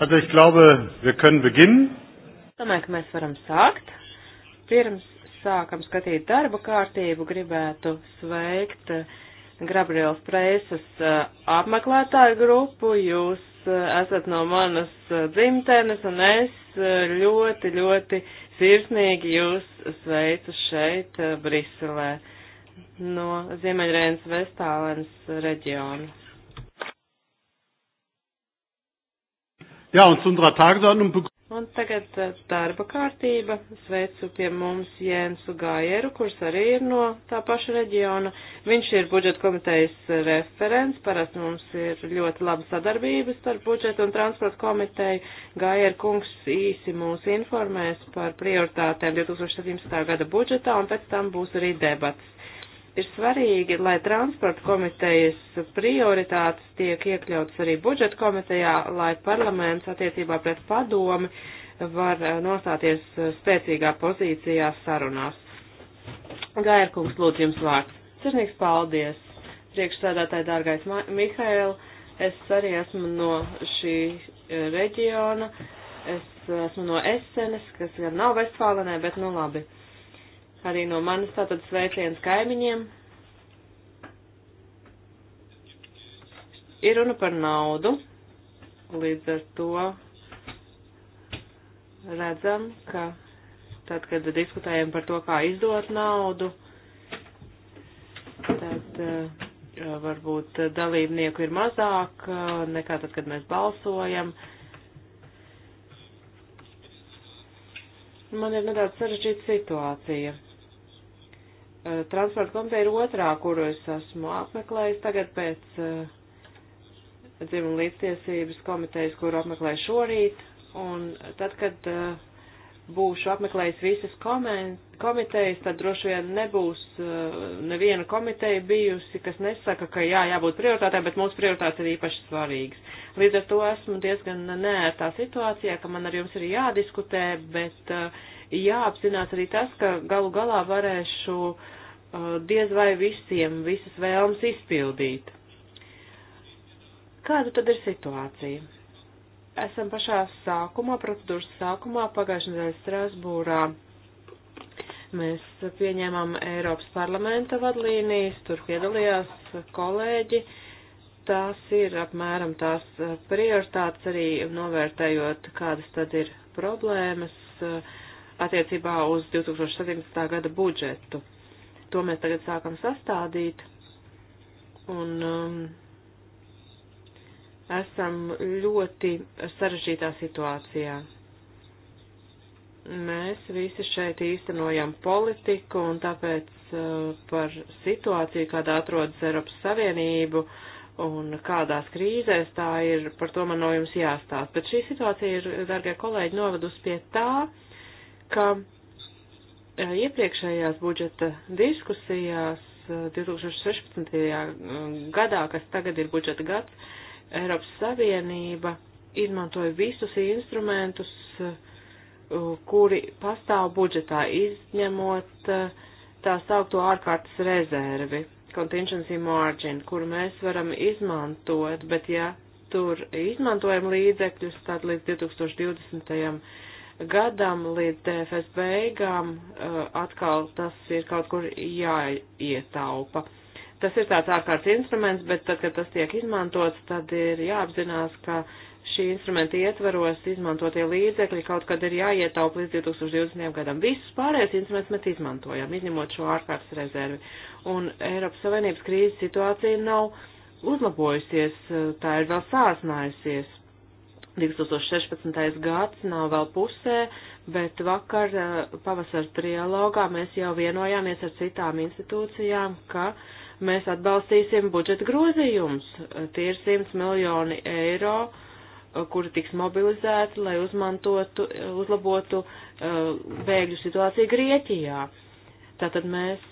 Also ich glaube, wir können beginnen. Domāju, ka mēs varam sākt. Pirms sākam skatīt darba kārtību, gribētu sveikt eh, Gabriels Preisas eh, apmeklētāju grupu. Jūs eh, esat no manas dzimtenes un es ļoti, ļoti sirsnīgi jūs sveicu šeit, Briselē, no Ziemeļrēnas Vestālens reģiona. Jā, un sundrā Tārgzānu. Un tagad eh, darba kārtība. Sveicu pie mums Jēnsu Gājeru, kurš arī ir no tā paša reģiona. Viņš ir budžeta komitejas eh, referents. Parasti mums ir ļoti laba sadarbības starp budžeta un transporta komiteju. Gājeru kungs īsi mūs informēs par prioritātēm 2017. gada budžetā, un pēc tam būs arī debats ir svarīgi, lai transporta komitejas prioritātes tiek iekļautas arī budžeta komitejā, lai parlaments attiecībā pret padomi var eh, nostāties eh, spēcīgā pozīcijā sarunās. Gairkungs, lūdzu jums vārds. Cirnīgs paldies. Priekšsēdētāji, dārgais Mihail, es arī esmu no šī eh, reģiona, es esmu no Esenes, kas gan nav Vestfālenē, bet nu labi. Uh, arī no manis tātad sveiciens kaimiņiem. Ir runa par naudu, līdz ar to redzam, ka tad, kad diskutējam par to, kā izdot naudu, tad eh, varbūt dalībnieku ir mazāk eh, nekā tad, kad mēs balsojam. Man ir nedaudz sarežģīta situācija Eh, transporta komiteja ir otrā, kuru es esmu apmeklējis tagad pēc uh, dzimuma līdztiesības komitejas, kuru apmeklēju šorīt. Un tad, kad uh, būšu apmeklējis visas komitejas, tad droši vien nebūs uh, neviena komiteja bijusi, kas nesaka, ka jā, jābūt prioritātē, bet mūsu prioritātes ir īpaši svarīgas. Līdz ar to esmu diezgan nērtā situācijā, ka man ar jums ir jādiskutē, bet uh, jāapzinās arī tas, ka galu galā varēšu uh, Uh, diez vai visiem visas vēlmes izpildīt. Kāda tad ir situācija? Esam pašā sākumā, procedūras sākumā, pagājušajā nedēļā Strasbūrā. Mēs pieņēmām Eiropas parlamenta vadlīnijas, tur piedalījās kolēģi. Tās ir apmēram tās prioritātes arī novērtējot, kādas tad ir problēmas uh, attiecībā uz 2017. gada budžetu To mēs tagad sākam sastādīt un um, esam ļoti sarežģītā situācijā. Mēs visi šeit īstenojam politiku un tāpēc uh, par situāciju, kādā atrodas Eiropas Savienību, uh, un kādās krīzēs tā ir, par to man no jums jāstāst. Bet šī situācija ir, dargie kolēģi, novedus pie tā, ka Eh, iepriekšējās budžeta diskusijās 2016. Eh, gadā, kas tagad ir budžeta gads, Eiropas Savienība izmantoja visus instrumentus, eh, kuri pastāv budžetā, izņemot tā saukto ārkārtas rezervi, contingency margin, kuru mēs varam izmantot, bet ja tur izmantojam līdzekļus, tad līdz 2020 gadam līdz DFS beigām uh, atkal tas ir kaut kur jāietaupa. Tas ir tāds ārkārtas instruments, bet tad, kad tas tiek izmantots, tad ir jāapzinās, ka šī instrumenta ietvaros izmantotie līdzekļi kaut kad ir jāietaupa līdz 2020. gadam. Visus pārējos instrumentus mēs izmantojam, izņemot šo ārkārtas rezervi. Un Eiropas Savienības krīzes situācija nav uzlabojusies, tā ir vēl sāsnājusies 2016. gads nav vēl pusē, bet vakar eh, pavasara trialogā mēs jau vienojāmies ar citām institūcijām, ka mēs atbalstīsim budžeta grozījumus. Tie ir 100 miljoni eiro, eh, kuri tiks mobilizēti, lai uzmantotu, eh, uzlabotu bēgļu situāciju Grieķijā. Tātad mēs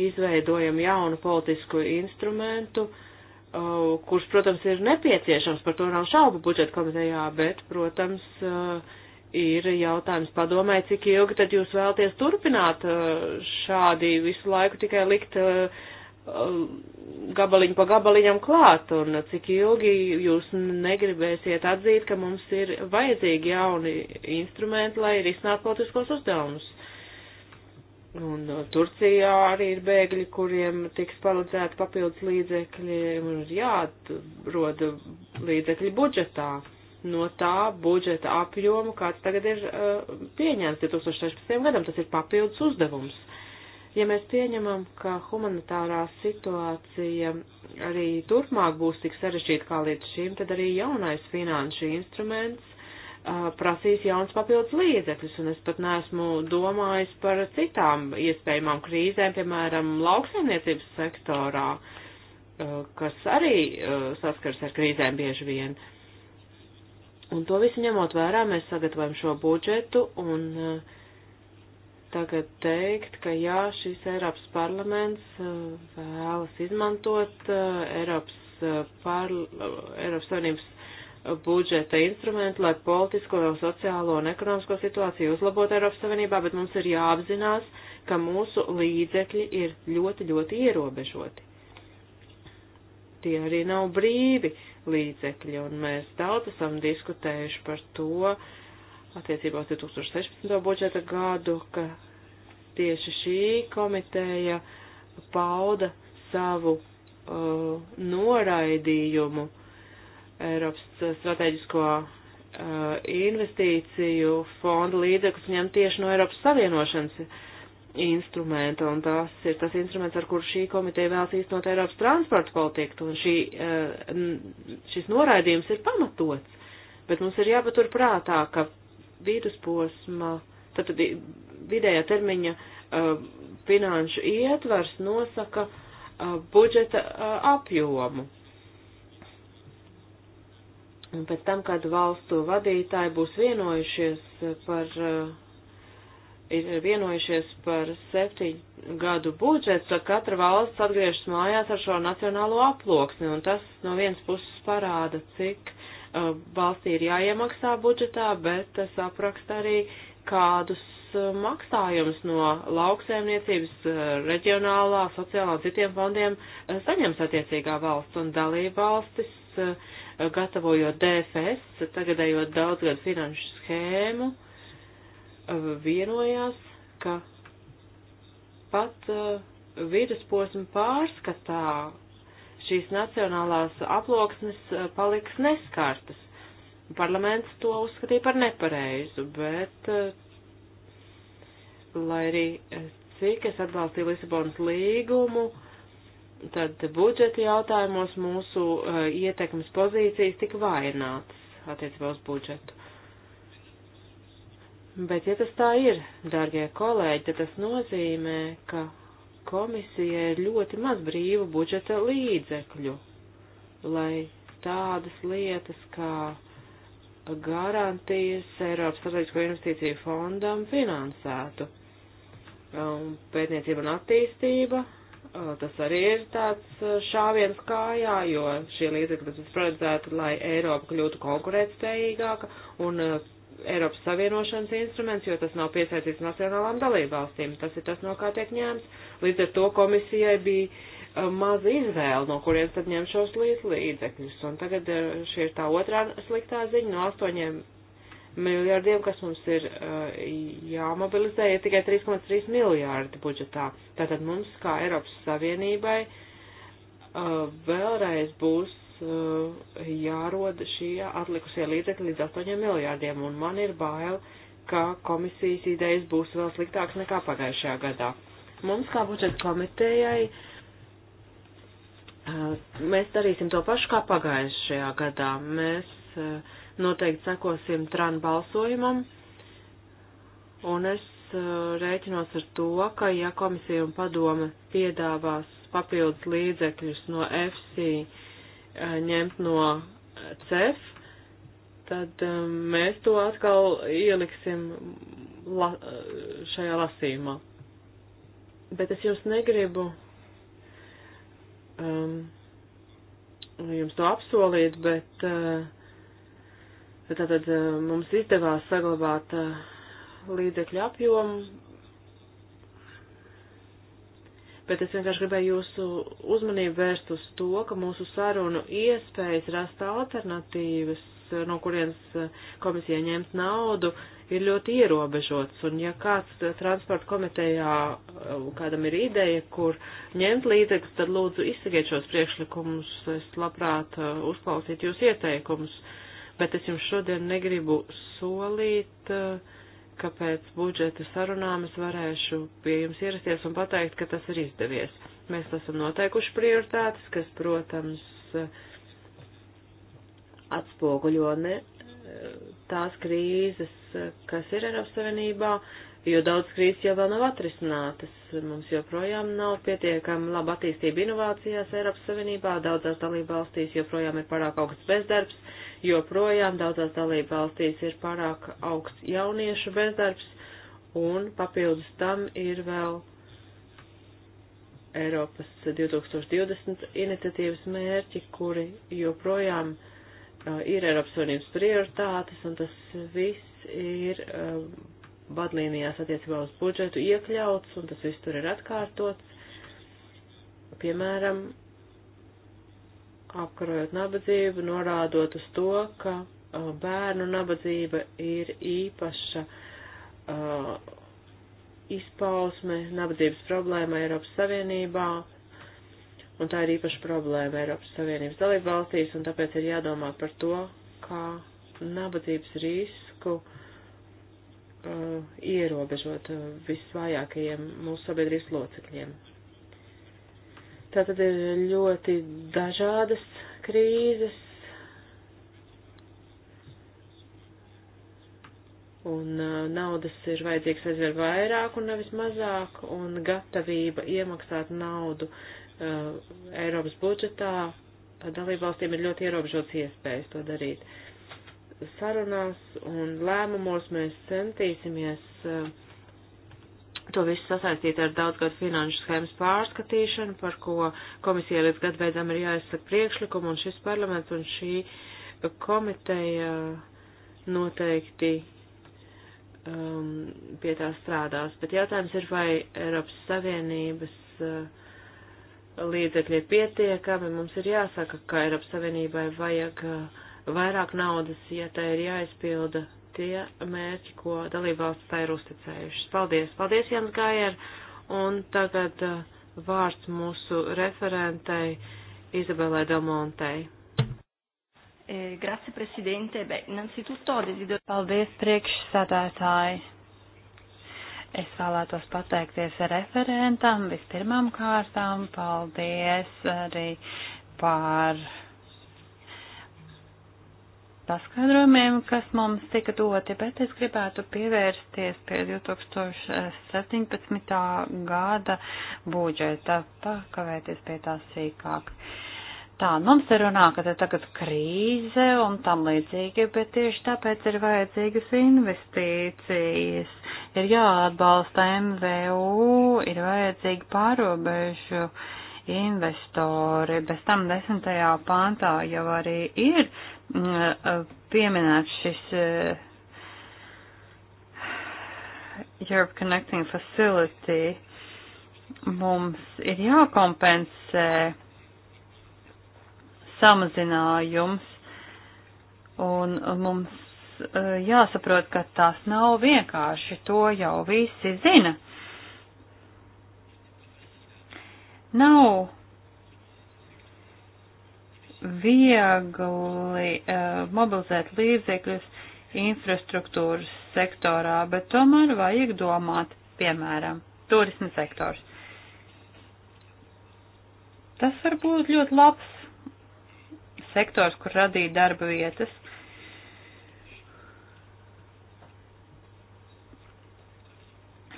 izveidojam jaunu politisku instrumentu, uh, Uh, kurš, protams, ir nepieciešams, par to nav šaubu budžeta komitejā, bet, protams, uh, ir jautājums padomē, cik ilgi tad jūs vēlties turpināt uh, šādi visu laiku tikai likt gabaliņu pa gabaliņam klāt, un cik ilgi jūs negribēsiet atzīt, ka mums ir vajadzīgi jauni instrumenti, lai risinātu politiskos uzdevumus. Un uh, Turcijā arī ir bēgļi, kuriem tiks paredzēti papildus līdzekļi, un ir jāatrod līdzekļi budžetā. No tā budžeta apjoma, kāds tagad ir uh, pieņemts 2016. gadam, tas ir papildus uzdevums. Ja mēs pieņemam, ka humanitārā situācija arī turpmāk būs tik sarežģīta kā līdz šim, tad arī jaunais finanšu instruments prasīs jauns papildus līdzekļus, un es pat neesmu domājis par citām iespējamām krīzēm, piemēram, lauksaimniecības sektorā, kas arī saskars ar krīzēm bieži vien. Un to visu ņemot vērā, mēs sagatavojam šo budžetu, un tagad teikt, ka jā, šis Eiropas parlaments vēlas izmantot Eiropas, par, Eiropas Savienības budžeta instrumentu, lai politisko, sociālo un ekonomisko situāciju uzlabotu Eiropas Savienībā, bet mums ir jāapzinās, ka mūsu līdzekļi ir ļoti, ļoti ierobežoti. Tie arī nav brīvi līdzekļi, un mēs daudz esam diskutējuši par to attiecībā uz 2016. budžeta gadu, ka tieši šī komiteja pauda savu uh, noraidījumu uh, Eiropas uh, strateģisko uh, investīciju fondu līdzekļus ņem tieši no Eiropas Savienošanas instrumenta, un tas ir tas instruments, ar kuru šī komiteja vēlas īstenot Eiropas transporta politiku, un šī, uh, šis noraidījums ir pamatots, bet mums ir jāpatur prātā, ka vidusposma, tātad vidējā termiņa finanšu ietvars nosaka budžeta apjomu Un pēc tam, kad valstu vadītāji būs vienojušies par, eh, ir vienojušies par septiņu gadu budžetu, tad katra valsts atgriežas mājās ar šo nacionālo aploksni, un tas no vienas puses parāda, cik uh, valstī ir jāiemaksā budžetā, bet tas apraksta arī, kādus eh, maksājums no lauksēmniecības, reģionālā, sociālā un citiem fondiem saņems attiecīgā valsts un dalība valstis Eh, gatavojot DFS, tagadējo daudzgadu finanšu schēmu, eh, vienojās, ka pat eh, vidusposma pārskatā šīs nacionālās aploksnes paliks neskartas. Parlaments to uzskatīja par nepareizu, bet, lai arī cik es atbalstīju Lisabonas līgumu, tad budžeta jautājumos mūsu uh, ietekmes pozīcijas tika vājinātas attiecībā uz budžetu. Bet ja tas tā ir, dārgie kolēģi, tad tas nozīmē, ka komisija ir ļoti maz brīvu budžeta līdzekļu, lai tādas lietas kā garantijas Eiropas Strateģisko investīciju fondam finansētu. Um, pētniecība un attīstība Uh, tas arī ir tāds uh, šāviens kājā, jo šie līdzekļi tas paredzētu, lai Eiropa kļūtu konkurētspējīgāka un uh, Eiropas savienošanas instruments, jo tas nav piesaistīts nacionālām dalībvalstīm. Tas ir tas, no kā tiek ņēmts. Līdz ar to komisijai bija maza izvēle, no kurienes tad ņem šos līdzekļus. Un tagad šī ir tā otrā sliktā ziņa. No astoņiem miljardiem, kas mums ir uh, jāmobilizē, ir tikai 3,3 miljārdi budžetā. Tātad mums, kā Eiropas Savienībai, uh, vēlreiz būs uh, jārod šie atlikusie līdzekļi līdz 8 miljārdiem, un man ir bail, ka komisijas idejas būs vēl sliktāks nekā pagājušajā gadā. Mums, kā budžeta komitejai, uh, mēs darīsim to pašu kā pagājušajā gadā. Mēs uh, noteikti sekosim tran balsojumam, un es uh, rēķinos ar to, ka ja komisija un padome piedāvās papildus līdzekļus no FC uh, ņemt no CEF, tad um, mēs to atkal ieliksim la uh, šajā lasījumā. Bet es jums negribu um, jums to apsolīt, bet uh, Tātad eh, mums izdevās saglabāt eh, līdzekļu apjomu, bet es vienkārši gribēju jūsu uzmanību vērst uz to, ka mūsu sarunu iespējas rast alternatīvas, eh, no kurienes komisija ņemt naudu, ir ļoti ierobežots. Un ja kāds transporta komitejā kādam ir ideja, kur ņemt līdzekļus, tad lūdzu izsakiet šos priekšlikumus. Es labprāt uzklausītu jūs ieteikumus. Uh, bet es jums šodien negribu solīt, eh, ka pēc budžeta sarunām es varēšu pie jums ierasties un pateikt, ka tas ir izdevies. Mēs esam noteikuši prioritātes, kas, protams, eh, atspoguļo ne eh, tās krīzes, kas ir Eiropas Savienībā, jo daudz krīzes jau vēl nav atrisinātas. Mums joprojām nav pietiekami laba attīstība inovācijās Eiropas Savienībā, daudzās dalībvalstīs joprojām ir pārāk augsts bezdarbs, joprojām daudzās dalība valstīs ir pārāk augsts jauniešu bezdarbs, un papildus tam ir vēl Eiropas 2020 iniciatīvas mērķi, kuri joprojām uh, ir Eiropas Savienības prioritātes, un tas viss ir uh, vadlīnijās attiecībā uz budžetu iekļauts, un tas viss tur ir atkārtots. Piemēram, apkarojot nabadzību, norādot uz to, ka bērnu nabadzība ir īpaša uh, izpausme nabadzības problēma Eiropas Savienībā, un tā ir īpaša problēma Eiropas Savienības dalību valstīs, un tāpēc ir jādomā par to, kā nabadzības risku uh, ierobežot visvājākajiem mūsu sabiedrības locekļiem. Tātad ir ļoti dažādas krīzes. Un uh, naudas ir vajadzīgs aizvien vairāk un nevis mazāk, un gatavība iemaksāt naudu uh, Eiropas budžetā dalībvalstīm ir ļoti ierobežots iespējas to darīt. Sarunās un lēmumos mēs centīsimies uh, To visu sasaistīt ar daudzgad finanšu schēmas pārskatīšanu, par ko komisija līdz gadu beidzam ir jāizsaka priekšlikumu, un šis parlaments un šī komiteja noteikti um, pie tā strādās. Bet jautājums ir, vai Eiropas Savienības uh, līdzekļi ir pietiekami, mums ir jāsaka, ka Eiropas Savienībai vajag uh, vairāk naudas, ja tā ir jāizpilda tie mērķi, ko dalībvalsts tā ir uzticējušas. Paldies! Paldies, Jans Gājer! Un tagad uh, vārds mūsu referentei Izabelē Domontei. E, grazie, Presidente. Beh, innanzitutto desidero... Paldies, priekšsādātāji! Es vēlētos pateikties referentam vispirmām kārtām. Paldies arī par paskaidrojumiem, kas mums tika doti, bet es gribētu pievērsties pie 2017. gada budžeta, pakavēties pie tā sīkāk. Tā, mums ir runā, ka te tagad krīze un tam līdzīgi, bet tieši tāpēc ir vajadzīgas investīcijas, ir jāatbalsta MVU, ir vajadzīgi pārobežu investori, bez tam desmitajā pāntā jau arī ir Mm, pieminēts šis e, Europe Connecting Facility. Mums ir jākompensē samazinājums, un mums e, jāsaprot, ka tas nav vienkārši, to jau visi zina. Nav viegli uh, mobilizēt līdzekļus infrastruktūras sektorā, bet tomēr vajag domāt, piemēram, turisma sektors. Tas var būt ļoti labs sektors, kur radīt darba vietas.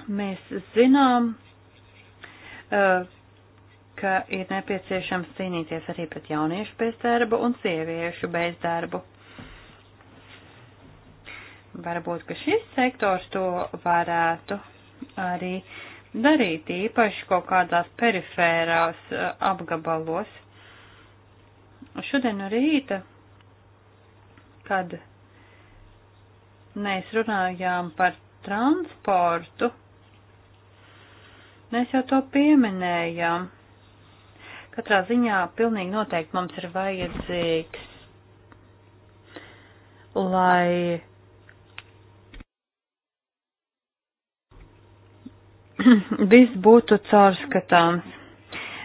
Mēs zinām, uh, ka ir nepieciešams cīnīties arī pret jauniešu bezdarbu un sieviešu bezdarbu. Varbūt, ka šis sektors to varētu arī darīt īpaši kaut kādās perifērās eh, apgabalos. Šodien no rīta, kad mēs runājām par transportu, mēs jau to pieminējām. Katrā ziņā pilnīgi noteikti mums ir vajadzīgs, lai viss būtu caurskatāms.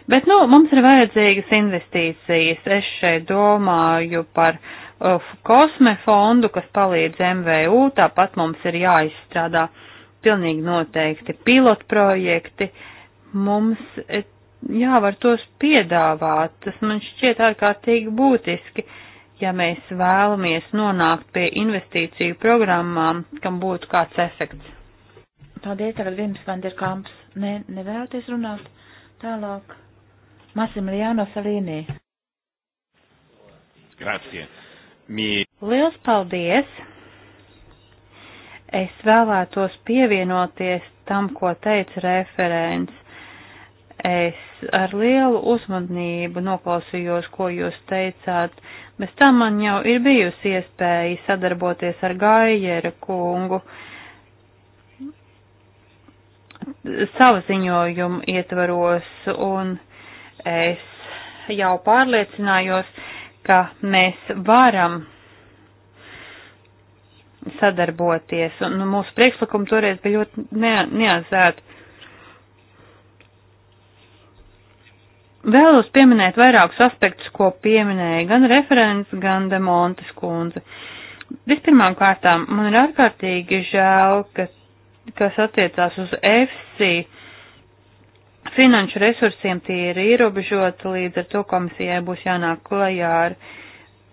Bet, nu, mums ir vajadzīgas investīcijas. Es šeit domāju par uh, kosme fondu, kas palīdz MVU, tāpat mums ir jāizstrādā pilnīgi noteikti pilotprojekti. Mums jā, var tos piedāvāt. Tas man šķiet ārkārtīgi būtiski, ja mēs vēlamies nonākt pie investīciju programmām, kam būtu kāds efekts. Paldies, tagad Vims Vanderkamps. Ne, nevēlaties runāt tālāk. Massimiliano Salīnī. Grazie. Mi... Liels paldies! Es vēlētos pievienoties tam, ko teica referents Es ar lielu uzmanību noklausījos, ko jūs teicāt. Bez tam man jau ir bijusi iespēja sadarboties ar Gaijera kungu savu ziņojumu ietvaros, un es jau pārliecinājos, ka mēs varam sadarboties, un nu, mūsu priekšlikumi toreiz bija ļoti neatzēti Vēlos pieminēt vairākus aspektus, ko pieminēja gan referents, gan Demontes kundze. Vispirmām kārtām, man ir ārkārtīgi žēl, ka, kas attiecās uz EFSI, finanšu resursiem tie ir ierobežoti, līdz ar to komisijai būs jānāk klajā ar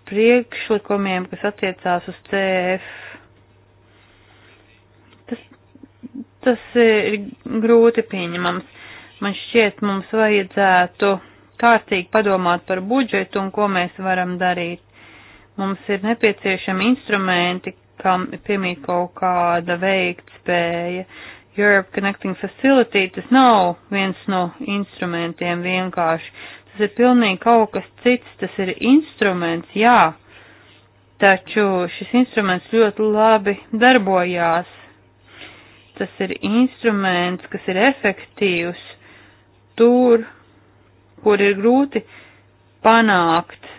priekšlikumiem, kas attiecās uz CF. Tas, tas ir grūti pieņemams. Man šķiet, mums vajadzētu kārtīgi padomāt par budžetu un ko mēs varam darīt. Mums ir nepieciešami instrumenti, kam piemīt kaut kāda veiktspēja. Europe Connecting Facility tas nav viens no instrumentiem vienkārši. Tas ir pilnīgi kaut kas cits, tas ir instruments, jā, taču šis instruments ļoti labi darbojās. Tas ir instruments, kas ir efektīvs tur, kur ir grūti panākt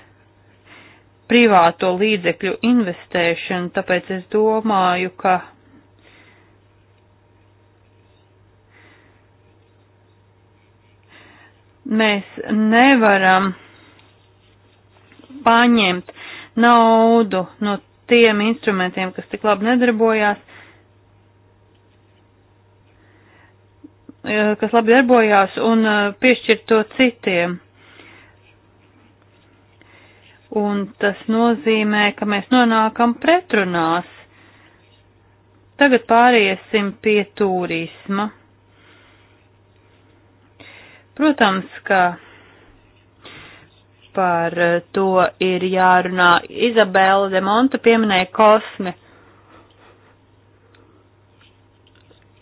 privāto līdzekļu investēšanu, tāpēc es domāju, ka mēs nevaram paņemt naudu no tiem instrumentiem, kas tik labi nedarbojās, kas labi darbojās, un piešķirt to citiem. Un tas nozīmē, ka mēs nonākam pretrunās. Tagad pāriesim pie turisma. Protams, ka par to ir jārunā. Izabela de Monta pieminēja kosmi.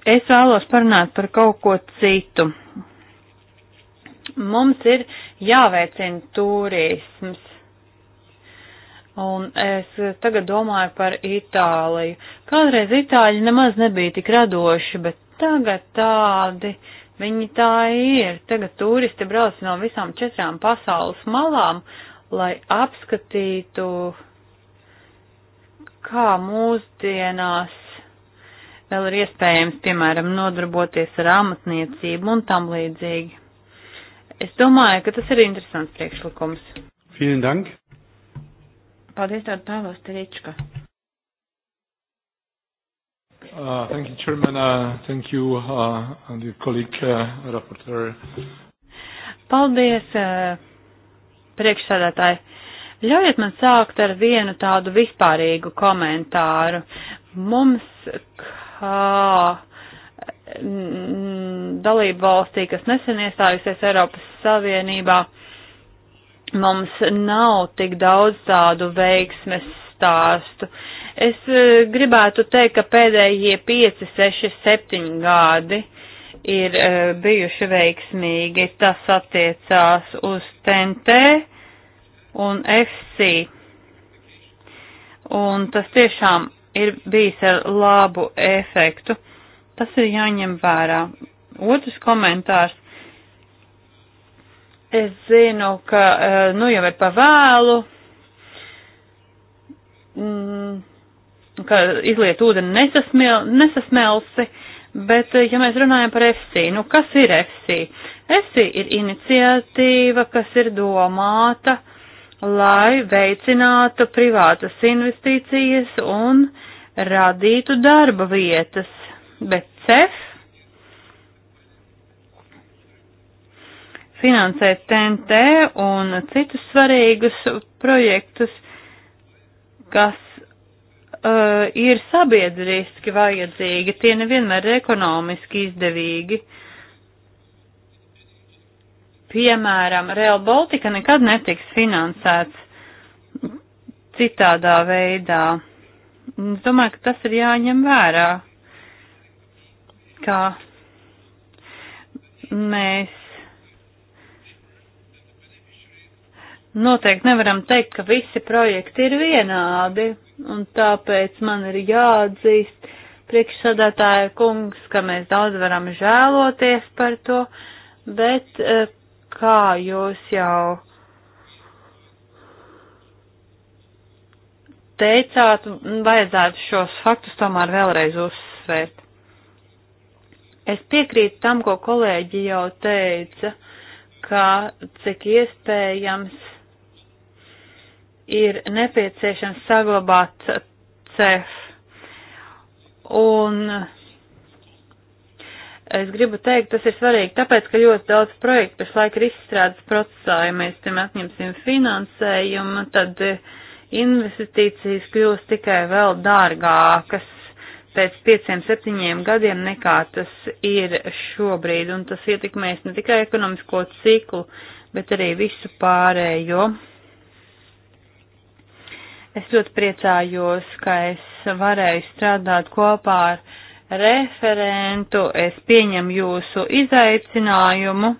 es vēlos parunāt par kaut ko citu. Mums ir jāveicina turisms. Un es tagad domāju par Itāliju. Kādreiz Itāļi nemaz nebija tik radoši, bet tagad tādi viņi tā ir. Tagad turisti brauc no visām četrām pasaules malām, lai apskatītu, kā mūsdienās vēl ir iespējams, piemēram, nodarboties ar amatniecību un tam līdzīgi. Es domāju, ka tas ir interesants priekšlikums. Vielen Dank. Paldies, tāda tālās Terička. Uh, thank you, Chairman. Uh, thank you, uh, and your colleague, uh, rapporteur. Paldies, uh, priekšsēdētāji. Ļaujiet man sākt ar vienu tādu vispārīgu komentāru. Mums kā dalību valstī, kas nesen iestājusies Eiropas Savienībā, mums nav tik daudz tādu veiksmes stāstu. Es e, gribētu teikt, ka pēdējie 5, 6, 7 gadi ir e, bijuši veiksmīgi. Tas attiecās uz TNT un FC. Un tas tiešām ir bijis ar labu efektu. Tas ir jāņem vērā. Otrs komentārs. Es zinu, ka eh, nu jau ir pavēlu, mm, ka izliet ūdeni nesasmil, nesasmelsi, bet eh, ja mēs runājam par FC, nu kas ir FC? FC ir iniciatīva, kas ir domāta, lai veicinātu privātas investīcijas un uh, radītu darba vietas, bet CEF finansē TNT un citus svarīgus projektus, kas uh, ir sabiedriski vajadzīgi, tie nevienmēr ir ekonomiski izdevīgi. Piemēram, Real Baltica nekad netiks finansēts citādā veidā. Es domāju, ka tas ir jāņem vērā, kā mēs noteikti nevaram teikt, ka visi projekti ir vienādi, un tāpēc man ir jāatzīst priekšsādātāja kungs, ka mēs daudz varam žēloties par to, bet eh, kā jūs jau teicāt, vajadzētu šos faktus tomēr vēlreiz uzsvērt. Es piekrītu tam, ko kolēģi jau teica, ka cik iespējams ir nepieciešams saglabāt cef. Un es gribu teikt, tas ir svarīgi, tāpēc, ka ļoti daudz projektu pašlaik ir izstrādes procesā, ja mēs tam atņemsim finansējumu, tad uh, investīcijas kļūst tikai vēl dārgākas pēc pieciem, septiņiem gadiem nekā tas ir šobrīd, un tas ietekmēs ne tikai ekonomisko ciklu, bet arī visu pārējo. Es ļoti priecājos, ka es varēju strādāt kopā ar referentu, es pieņemu jūsu izaicinājumu,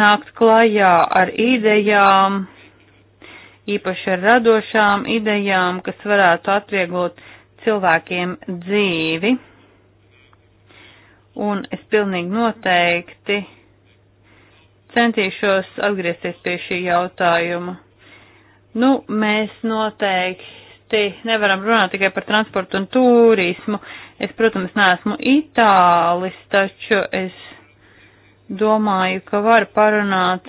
nākt klajā ar idejām, īpaši ar radošām idejām, kas varētu atvieglot cilvēkiem dzīvi. Un es pilnīgi noteikti centīšos atgriezties pie šī jautājuma. Nu, mēs noteikti nevaram runāt tikai par transportu un turismu. Es, protams, neesmu itālis, taču es domāju, ka var parunāt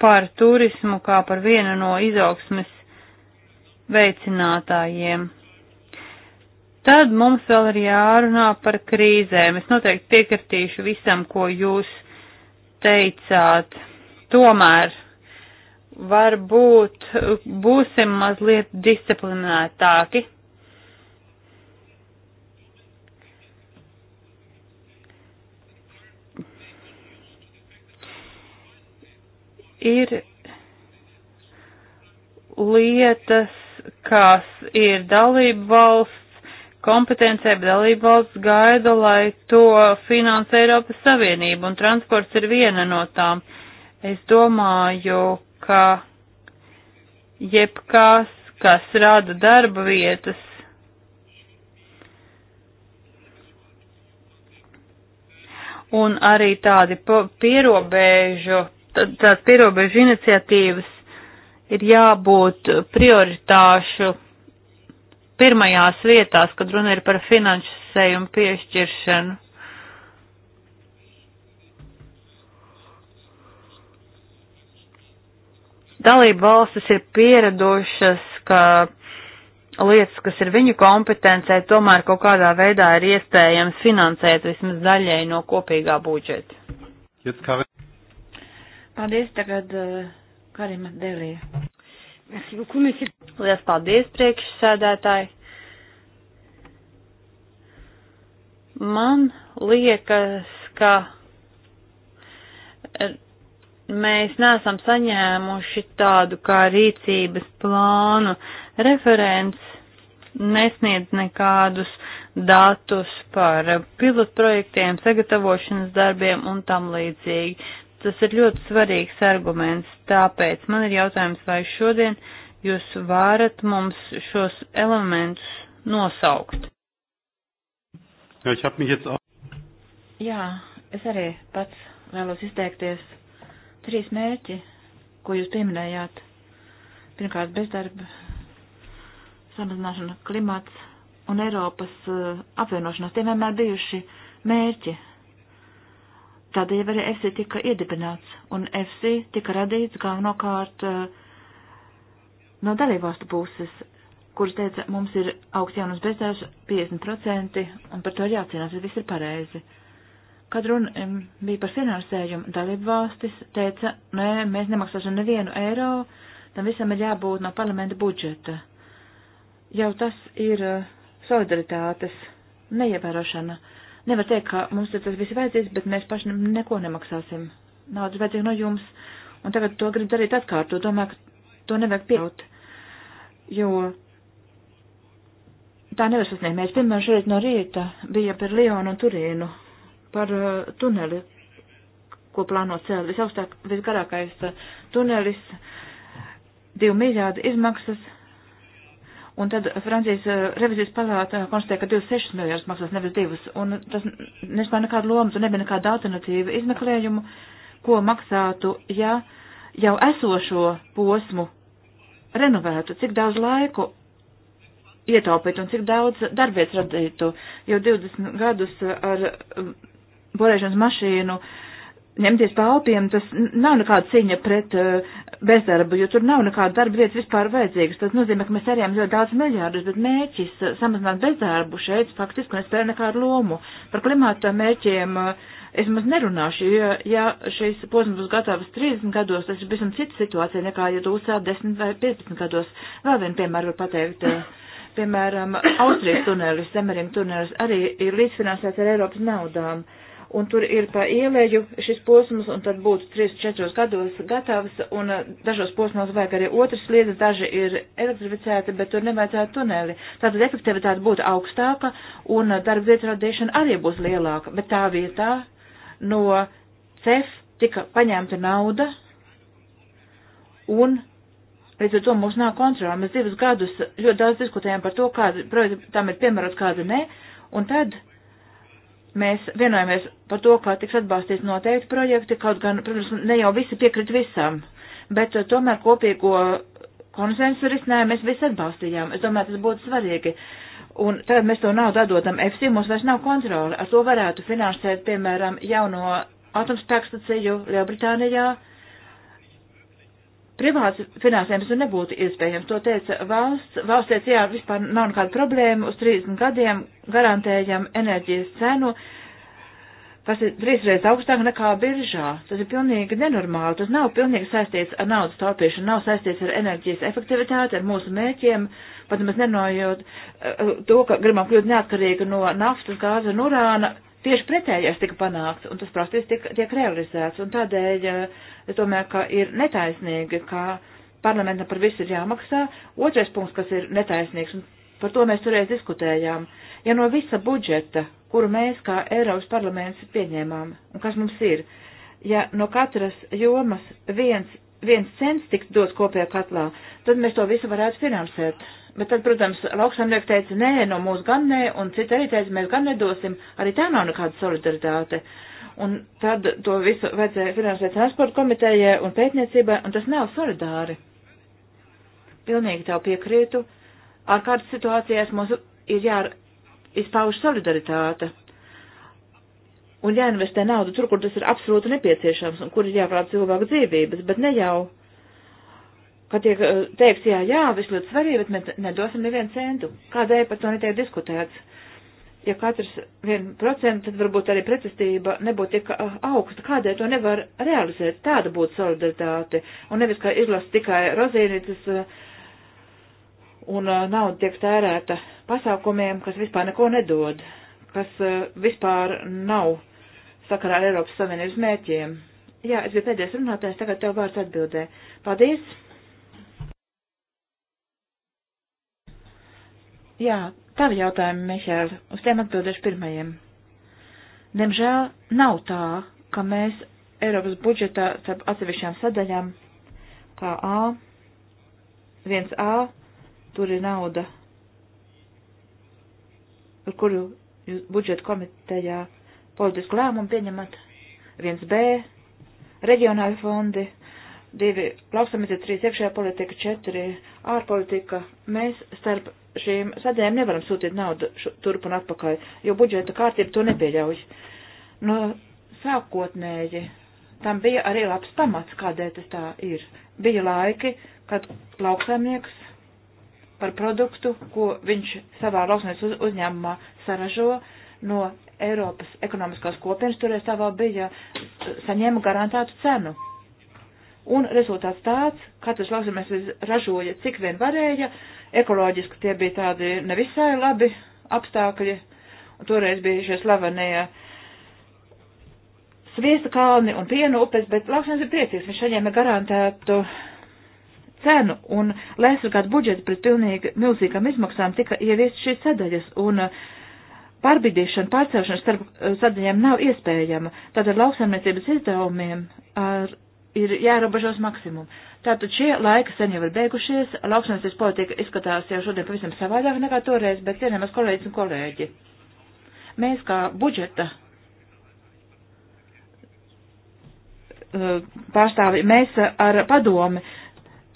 par turismu kā par vienu no izaugsmes veicinātājiem. Tad mums vēl ir jārunā par krīzēm. Es noteikti piekritīšu visam, ko jūs teicāt. Tomēr varbūt būsim mazliet disciplinētāki. Ir lietas, kas ir dalību valsts kompetencija, bet dalību valsts gaida, lai to finansē Eiropas Savienība, un transports ir viena no tām. Es domāju, ka jebkas, kas rada darba vietas, un arī tādi pierobežu tādas pierobežu iniciatīvas ir jābūt prioritāšu pirmajās vietās, kad runa ir par finansējumu piešķiršanu. Dalība valstis ir pieradušas, ka lietas, kas ir viņu kompetencē, tomēr kaut kādā veidā ir iespējams finansēt vismaz daļēji no kopīgā budžeta. Paldies tagad uh, Karima Delī. Lielas paldies, priekšsēdētāji. Man liekas, ka mēs neesam saņēmuši tādu kā rīcības plānu. Referents nesniedz nekādus datus par pilotprojektiem, sagatavošanas darbiem un tam līdzīgi. Tas ir ļoti svarīgs arguments, tāpēc man ir jautājums, vai šodien jūs varat mums šos elementus nosaukt? Ja, ich mich jetzt auch... Jā, es arī pats vēlos izteikties. Trīs mērķi, ko jūs pieminējāt. Pirmkārt, bezdarba samazināšana, klimats un Eiropas uh, apvienošanās. Tie vienmēr bijuši mērķi Tādēļ arī EFSI tika iedibināts, un EFSI tika radīts galvenokārt eh, no dalībvalstu puses, kuras teica, mums ir augsts jaunas bezdarbs 50%, un par to ir jācīnās, ja viss ir pareizi. Kad runa bija par finansējumu, dalībvalstis teica, nē, mēs nemaksāsim nevienu eiro, tam visam ir jābūt no parlamenta budžeta. Jau tas ir eh, solidaritātes neievērošana. Uh, Nevar teikt, ka mums tas viss vajadzīgs, bet mēs paši neko nemaksāsim. Naudas vajadzīga no jums, un tagad to grib darīt atkārtot. Domāju, ka to nevajag pieļaut, jo tā nevar sasniegt. Mēs, piemēram, šeit no rīta bija par Lionu un Turīnu, par uh, tuneli, ko plāno celt. Visaugstāk, visgarākais uh, tunelis, divu miljārdu izmaksas Un tad Francijas eh, revizijas palāta konstatē, ka 26 miljardus maksās nevis divas, un tas nespēja nekādu lomu, tur nebija nekāda alternatīva izmeklējumu, ko maksātu, ja jau esošo posmu renovētu, cik daudz laiku ietaupītu un cik daudz darbietas radītu, jo 20 gadus ar um, borēšanas mašīnu ņemties palpiem, tas nav nekāda ciņa pret uh, bezdarbu, jo tur nav nekāda darba vietas vispār vajadzīgas. Tas nozīmē, ka mēs cerējām ļoti daudz miljārdus, bet mērķis uh, samazināt bezdarbu šeit faktiski nespēja nekādu lomu. Par klimāta mērķiem uh, es maz nerunāšu, jo, ja šīs posms būs gatavs 30 gados, tas ir visam cita situācija nekā, ja tu uzsāc 10 vai 15 gados. Vēl vienu piemēru var pateikt. Uh, piemēram, Austrijas tunelis, Semerim tunelis arī ir līdzfinansēts ar Eiropas naudām. Uh, un tur ir pa ielēju šis posms, un tad būtu 3-4 gados gatavs, un uh, dažos posmos vajag arī otras sliedas, daži ir elektrificēti, bet tur nevajadzētu tuneli. Tātad efektivitāte būtu augstāka, un uh, darba vietu radīšana arī būs lielāka, bet tā vietā no CEF tika paņemta nauda, un Līdz ar to mums nav kontrola. Mēs divus gadus ļoti daudz diskutējām par to, kāda projekta tam ir piemērots, kāda ne, un tad mēs vienojamies par to, ka tiks atbalstīts noteikti projekti, kaut gan, protams, ne jau visi piekrit visam, bet uh, tomēr kopīgo konsensu risinājumu mēs visi atbalstījām. Es domāju, tas būtu svarīgi. Un tagad mēs to naudu atdodam FC, mums vairs nav kontroli. Ar to varētu finansēt, piemēram, jauno atomspēkstaciju Lielbritānijā. Privāts finansējums nebūtu iespējams. To teica valsts. Valsts teica, jā, vispār nav nekāda problēma. Uz 30 gadiem garantējam enerģijas cenu, kas ir trīsreiz augstāk nekā biržā. Tas ir pilnīgi nenormāli. Tas nav pilnīgi saistīts ar naudas taupīšanu, nav saistīts ar enerģijas efektivitāti, ar mūsu mēķiem, pat mēs nenojot eh, to, ka gribam kļūt neatkarīgi no naftas, gāza un urāna Tieši pretējais tika panākts, un tas praktiski tiek, tiek realizēts, un tādēļ eh, es domāju, ka ir netaisnīgi, ka parlamentam par visu ir jāmaksā. Otrais punkts, kas ir netaisnīgs, un par to mēs toreiz diskutējām, ja no visa budžeta, kuru mēs kā Eiropas parlaments pieņēmām, un kas mums ir, ja no katras jomas viens, viens cents tiks dots kopējā katlā, tad mēs to visu varētu finansēt Bet tad, protams, lauksamnieki teica, nē, no mūsu gan nē, un citi arī teica, mēs gan nedosim, arī tā nav nekāda solidaritāte. Un tad to visu vajadzēja finansēt transporta komitejai un pētniecībai, un tas nav solidāri. Pilnīgi tev piekrītu. Ārkārtas situācijās mums ir jāizpauž solidaritāte. Un jāinvestē naudu tur, kur tas ir absolūti nepieciešams un kur ir jāprāt cilvēku dzīvības, bet ne jau ka tiek eh, teiks, jā, jā, viss ļoti svarīgi, bet mēs nedosim nevienu centu. Kādēļ par to netiek diskutēts? Ja katrs vien procentu, tad varbūt arī pretestība nebūtu tik eh, augsta. Kādēļ to nevar realizēt? Tāda būtu solidaritāte. Un nevis, ka izlas tikai rozīnītas eh, un nauda tiek tērēta pasākumiem, kas vispār neko nedod, kas vispār nav sakarā ar Eiropas Savienības mērķiem. Jā, es biju pēdējais runātājs, tagad tev vārds atbildē. Paldies! Jā, tavi jautājumi, Mihēl, uz tiem atbildēšu pirmajiem. Diemžēl nav tā, ka mēs Eiropas budžetā starp atsevišķām sadaļām, kā A, 1A, tur ir nauda, par kuru jūs budžeta komitejā politisku lēmumu pieņemat, 1B, reģionāli fondi, divi lauksamīdzība, trīs iekšējā politika, četri ārpolitika. Mēs starp šīm sadēm nevaram sūtīt naudu šu, turp un atpakaļ, jo budžeta kārtība to nepieļauj. No sākotnēji tam bija arī labs pamats, kādēļ tas tā ir. Bija laiki, kad lauksaimnieks par produktu, ko viņš savā lauksaimnieks uzņēmumā saražo, no Eiropas ekonomiskās kopienas turēs savā bija saņēma garantētu cenu un rezultāts tāds, katrs lauksemnieks ražoja, cik vien varēja, ekoloģiski tie bija tādi nevisai labi apstākļi, un toreiz bija šie slavenie sviesta kalni un piena upes, bet lauksemnieks ir priecīgs, viņš saņēma garantētu cenu, un, lai aizsargātu budžetu pret pilnīgi milzīgām izmaksām, tika ieviest šīs sadaļas, un uh, pārbīdīšana, pārcelšana starp uh, sadaļām nav iespējama, tātad lauksemniecības izdevumiem ar ir jāierobežos maksimum. Tātad šie laiki sen jau ir beigušies, lauksnēsies politika izskatās jau šodien pavisam savādāk nekā toreiz, bet cienējamas kolēģis un kolēģi. Mēs kā budžeta uh, pārstāvi, mēs ar padomi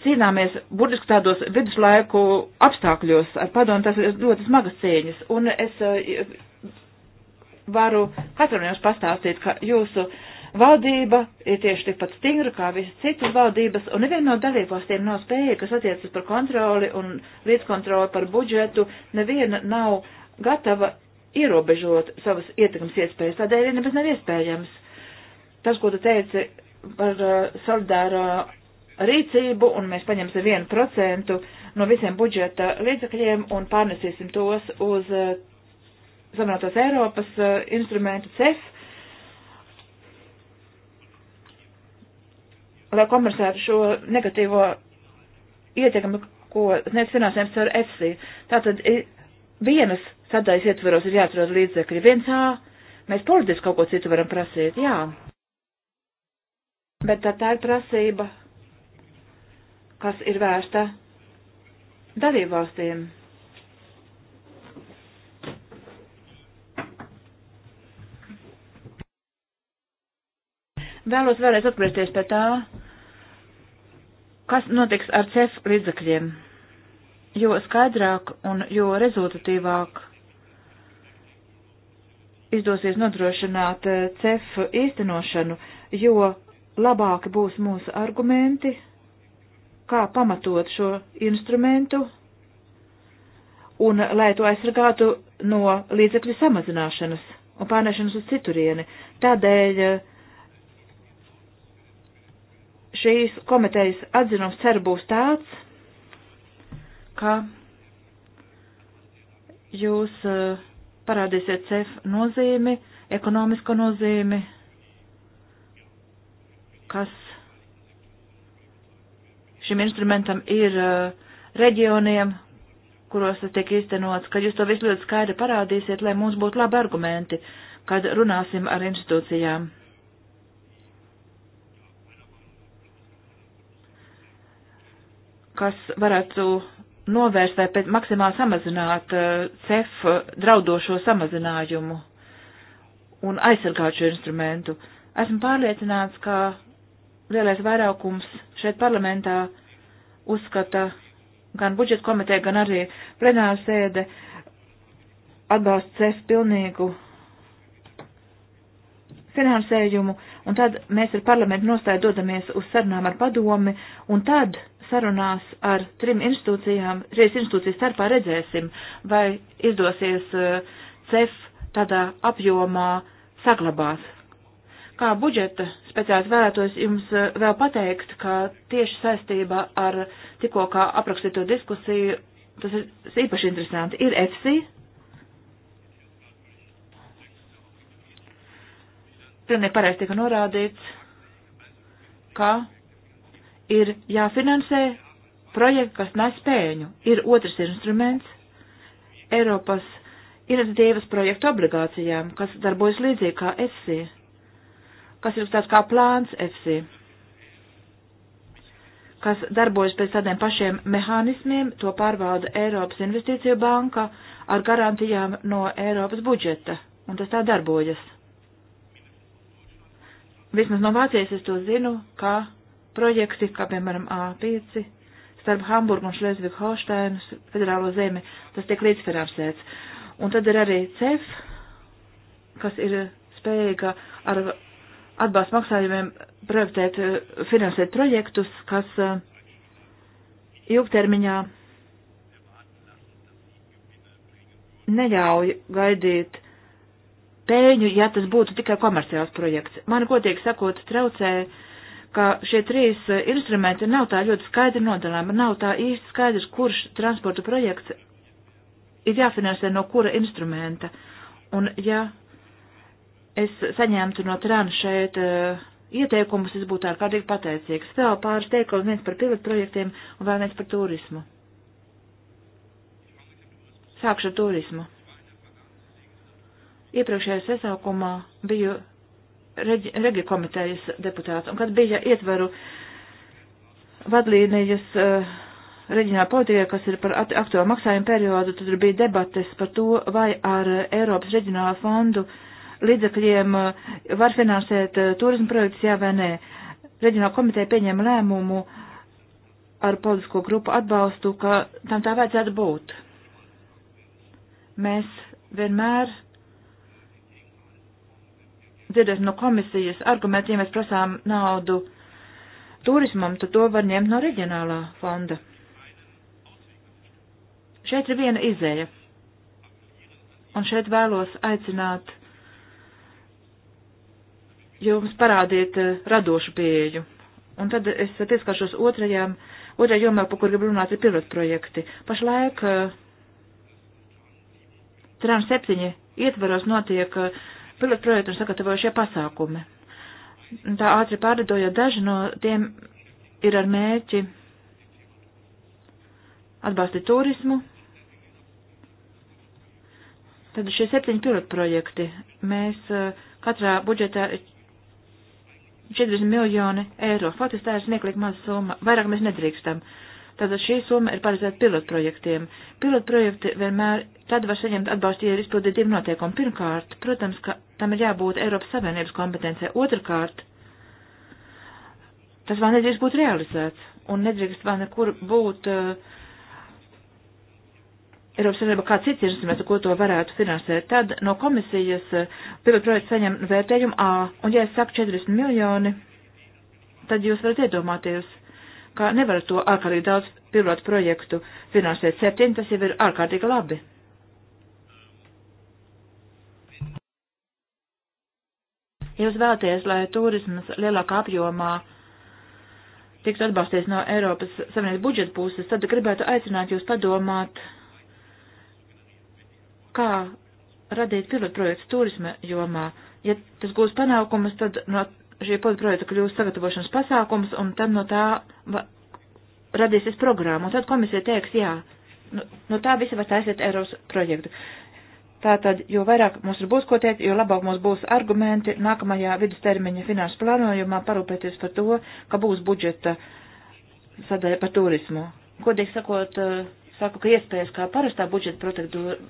cīnāmies burtiski tādos viduslaiku apstākļos. Ar padomu tas ir ļoti smagas cīņas. Un es uh, varu katram jums pastāstīt, ka jūsu uh, Valdība ir tieši tikpat stingra kā visas citas valdības, un neviena no dalībvalstīm nav spēja, kas attiecas par kontroli un līdzkontroli par budžetu, neviena nav gatava ierobežot savas ietekmes iespējas, tādēļ ir nebez nav iespējams. Tas, ko tu teici par uh, solidāro rīcību, un mēs paņemsim vienu procentu no visiem budžeta līdzakļiem un pārnesīsim tos uz uh, Savienotās Eiropas uh, instrumentu CEF, lai kompensētu šo negatīvo ietekmi, ko sniedz finansējums ar EFSI. Tātad vienas sadaļas ietvaros ir jāatrod līdzekļi. Viens A, mēs politiski kaut ko citu varam prasīt, jā. Bet tā, tā ir prasība, kas ir vērsta dalībvalstīm. Vēlos vēlreiz atgriezties pie tā, Kas notiks ar CEF līdzakļiem? Jo skaidrāk un jo rezultatīvāk izdosies nodrošināt eh, CEF īstenošanu, jo labāki būs mūsu argumenti, kā pamatot šo instrumentu, un lai to aizsargātu no līdzekļu samazināšanas un pārnešanas uz citurieni. Tādēļ uh, šīs komitejas atzinums ceru būs tāds, ka jūs e, parādīsiet CEF nozīmi, ekonomisko nozīmi, kas šim instrumentam ir e, reģioniem, kuros tas tiek īstenots, ka jūs to visu ļoti skaidri parādīsiet, lai mums būtu labi argumenti, kad runāsim ar institūcijām. kas varētu novērst vai pēc maksimāli samazināt eh, CEF draudošo samazinājumu un aizsargāt šo instrumentu. Esmu pārliecināts, ka lielais vairākums šeit parlamentā uzskata gan budžeta komiteja, gan arī plenāra sēde atbalsta CEF pilnīgu finansējumu, un tad mēs ar parlamentu nostāju dodamies uz sarunām ar padomi, un tad sarunās ar trim institūcijām, trīs institūcijas starpā redzēsim, vai izdosies e, CEF tādā apjomā saglabāt. Kā budžeta speciāls vēlētos jums e, vēl pateikt, ka tieši saistībā ar tikko kā aprakstīto diskusiju, tas ir īpaši interesanti, ir EFSI. Pilnīgi pareizi tika norādīts, ka ir jāfinansē projekti, kas nes pēļņu. Ir otrs instruments - Eiropas iniciatīvas projektu obligācijām, kas darbojas līdzīgi kā EFSI, kas ir tāds kā plāns EFSI, kas darbojas pēc tādiem pašiem mehānismiem, to pārvalda Eiropas investīciju banka ar garantijām no Eiropas budžeta, un tas tā darbojas. Vismaz no Vācijas es to zinu, ka projekti, kā piemēram A5, starp Hamburgu un Šlezviku Holšteinu federālo zemi, tas tiek līdzfinansēts. Un tad ir arī CEF, kas ir spējīga ar atbalstu maksājumiem projektēt, finansēt projektus, kas eh, ilgtermiņā neļauj gaidīt pēļņu, ja tas būtu tikai komerciāls projekts. Man, godīgi sakot, traucēja ka šie trīs eh, instrumenti nav tā ļoti skaidri nodalāmi, nav tā īsti skaidrs, kurš transporta projekts ir jāfinansē no kura instrumenta. Un ja es saņemtu no Trāna šeit uh, ieteikumus, es būtu ārkārtīgi pateicīgs. Vēl pāris teikumus, viens par pilotprojektiem un vēl viens par turismu. Sākšu ar turismu. Iepriekšējā sasaukumā biju reģi, reģi komitejas deputāts, un kad bija ietveru vadlīnijas uh, reģionāla politika, kas ir par aktuālu maksājumu periodu, tad bija debates par to, vai ar Eiropas reģionālo fondu līdzekļiem uh, var finansēt uh, turismu projektus, jā vai nē. Reģionāla komiteja pieņēma lēmumu ar politisko grupu atbalstu, ka tam tā vajadzētu būt. Mēs vienmēr dzirdēt no komisijas argumentu, ja mēs prasām naudu turismam, tad to var ņemt no reģionālā fonda. Šeit ir viena izēja. Un šeit vēlos aicināt jums parādīt eh, radošu pieeju. Un tad es pieskaršos otrajām, otrajā jomā, par kur gribu runāt, ir pilotprojekti. Pašlaik eh, Trans 7 ietvaros notiek uh, pilotprojektu un sagatavojušie pasākumi. Tā ātri pārlidojot daži no tiem ir ar mērķi atbalstīt turismu. Tad šie septiņi pilotprojekti. Mēs eh, katrā budžetā 40 miljoni eiro. Faktiski tā ir smieklīgi maza summa. Vairāk mēs nedrīkstam. Uh, Tātad šī summa ir paredzēta pilotprojektiem. Pilotprojekti vienmēr tad var saņemt atbalstu, ja ir izpildīti divi noteikumi. Pirmkārt, protams, ka tam ir jābūt Eiropas Savienības kompetencijai. Otrkārt, tas vēl nedrīkst būt realizēts un nedrīkst vēl nekur būt uh, Eiropas Savienība kā cits instruments, ko to varētu finansēt. Tad no komisijas uh, pilotprojekts saņem vērtējumu A, un ja es saku 40 miljoni, tad jūs varat iedomāties ka nevar to ārkārtīgi daudz pilotu projektu finansēt septiņi, tas jau ir ārkārtīgi labi. Ja jūs vēlaties, lai turismas lielākā apjomā tiktu atbalstīts no Eiropas Savienības budžeta puses, tad gribētu aicināt jūs padomāt, kā radīt pilotprojekts turisma jomā. Ja tas gūs panākumus, tad no šie podprojekti kļūs sagatavošanas pasākums, un tad no tā va, radīsies programma, un tad komisija teiks, jā, no, nu, no tā visi var taisīt Eiropas projektu. Tātad, jo vairāk mums ir būs ko teikt, jo labāk mums būs argumenti nākamajā vidustermiņa finanšu plānojumā parūpēties par to, ka būs budžeta sadaļa par turismu. Kodīgi sakot, eh, saku, ka iespējas kā parastā budžeta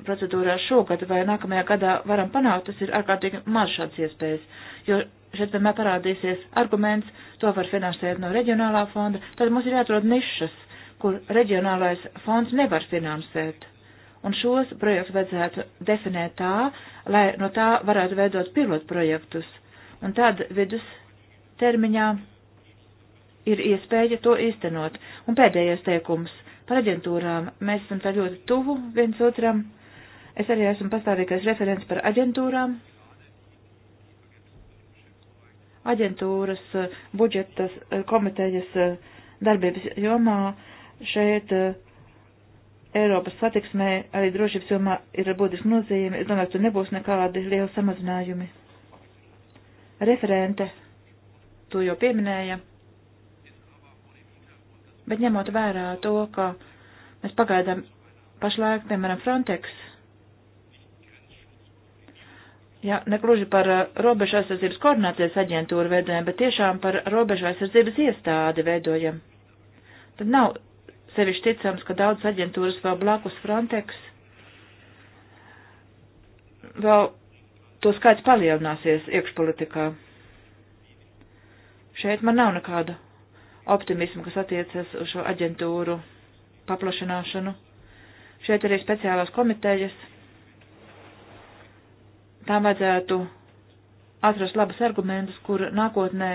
procedūrā šogad vai nākamajā gadā varam panākt, tas ir ārkārtīgi maz šāds iespējas, jo šeit vienmēr parādīsies arguments, to var finansēt no reģionālā fonda, tad mums ir jāatrod nišas, kur reģionālais fonds nevar finansēt. Un šos projektus vajadzētu definēt tā, lai no tā varētu veidot pilotu projektus. Un tad vidus termiņā ir iespēja to īstenot. Un pēdējais teikums par aģentūrām. Mēs esam tā ļoti tuvu viens otram. Es arī esmu pastāvīgais referents par aģentūrām aģentūras eh, budžetas eh, komitejas eh, darbības jomā šeit Eiropas satiksmē arī drošības jomā ir būtiski nozīme. Es domāju, ka tur nebūs nekādi lieli samazinājumi. Referente to jau pieminēja, bet ņemot vērā to, ka mēs pagaidām pašlaik, piemēram, Frontex ja negluži par eh, robežu aizsardzības koordinācijas aģentūru veidojam, bet tiešām par robežu aizsardzības iestādi veidojam, tad nav sevišķi ticams, ka daudz aģentūras vēl blakus Frontex vēl to skaits palielināsies iekšpolitikā. Šeit man nav nekāda optimisma, kas attiecas uz šo aģentūru paplašināšanu. Šeit arī speciālās komitejas tām vajadzētu atrast labus argumentus, kur nākotnē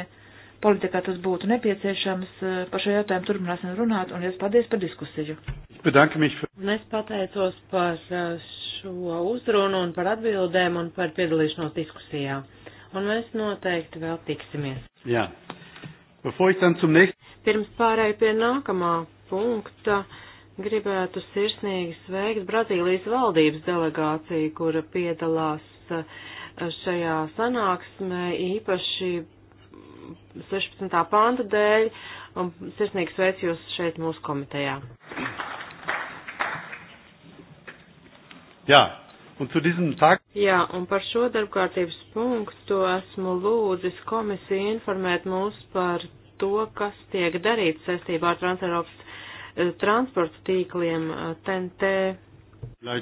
politikā tas būtu nepieciešams. Par šo jautājumu turpināsim runāt, un es paldies par diskusiju. Un es pateicos par uh, šo uzrunu un par atbildēm un par piedalīšanos diskusijā. Un mēs noteikti vēl tiksimies. Jā. Pirms pārēju pie nākamā punkta gribētu sirsnīgi sveikt Brazīlijas valdības delegāciju, kura piedalās šajā sanāksmē īpaši 16. panta dēļ un sirsnīgi sveicu jūs šeit mūsu komitejā. Jā, un zu diesem Tag. Jā, un par šo darbkārtības punktu esmu lūdzis komisiju informēt mūs par to, kas tiek darīts saistībā ar Transeiropas eh, transporta tīkliem TNT. Eh, Lai,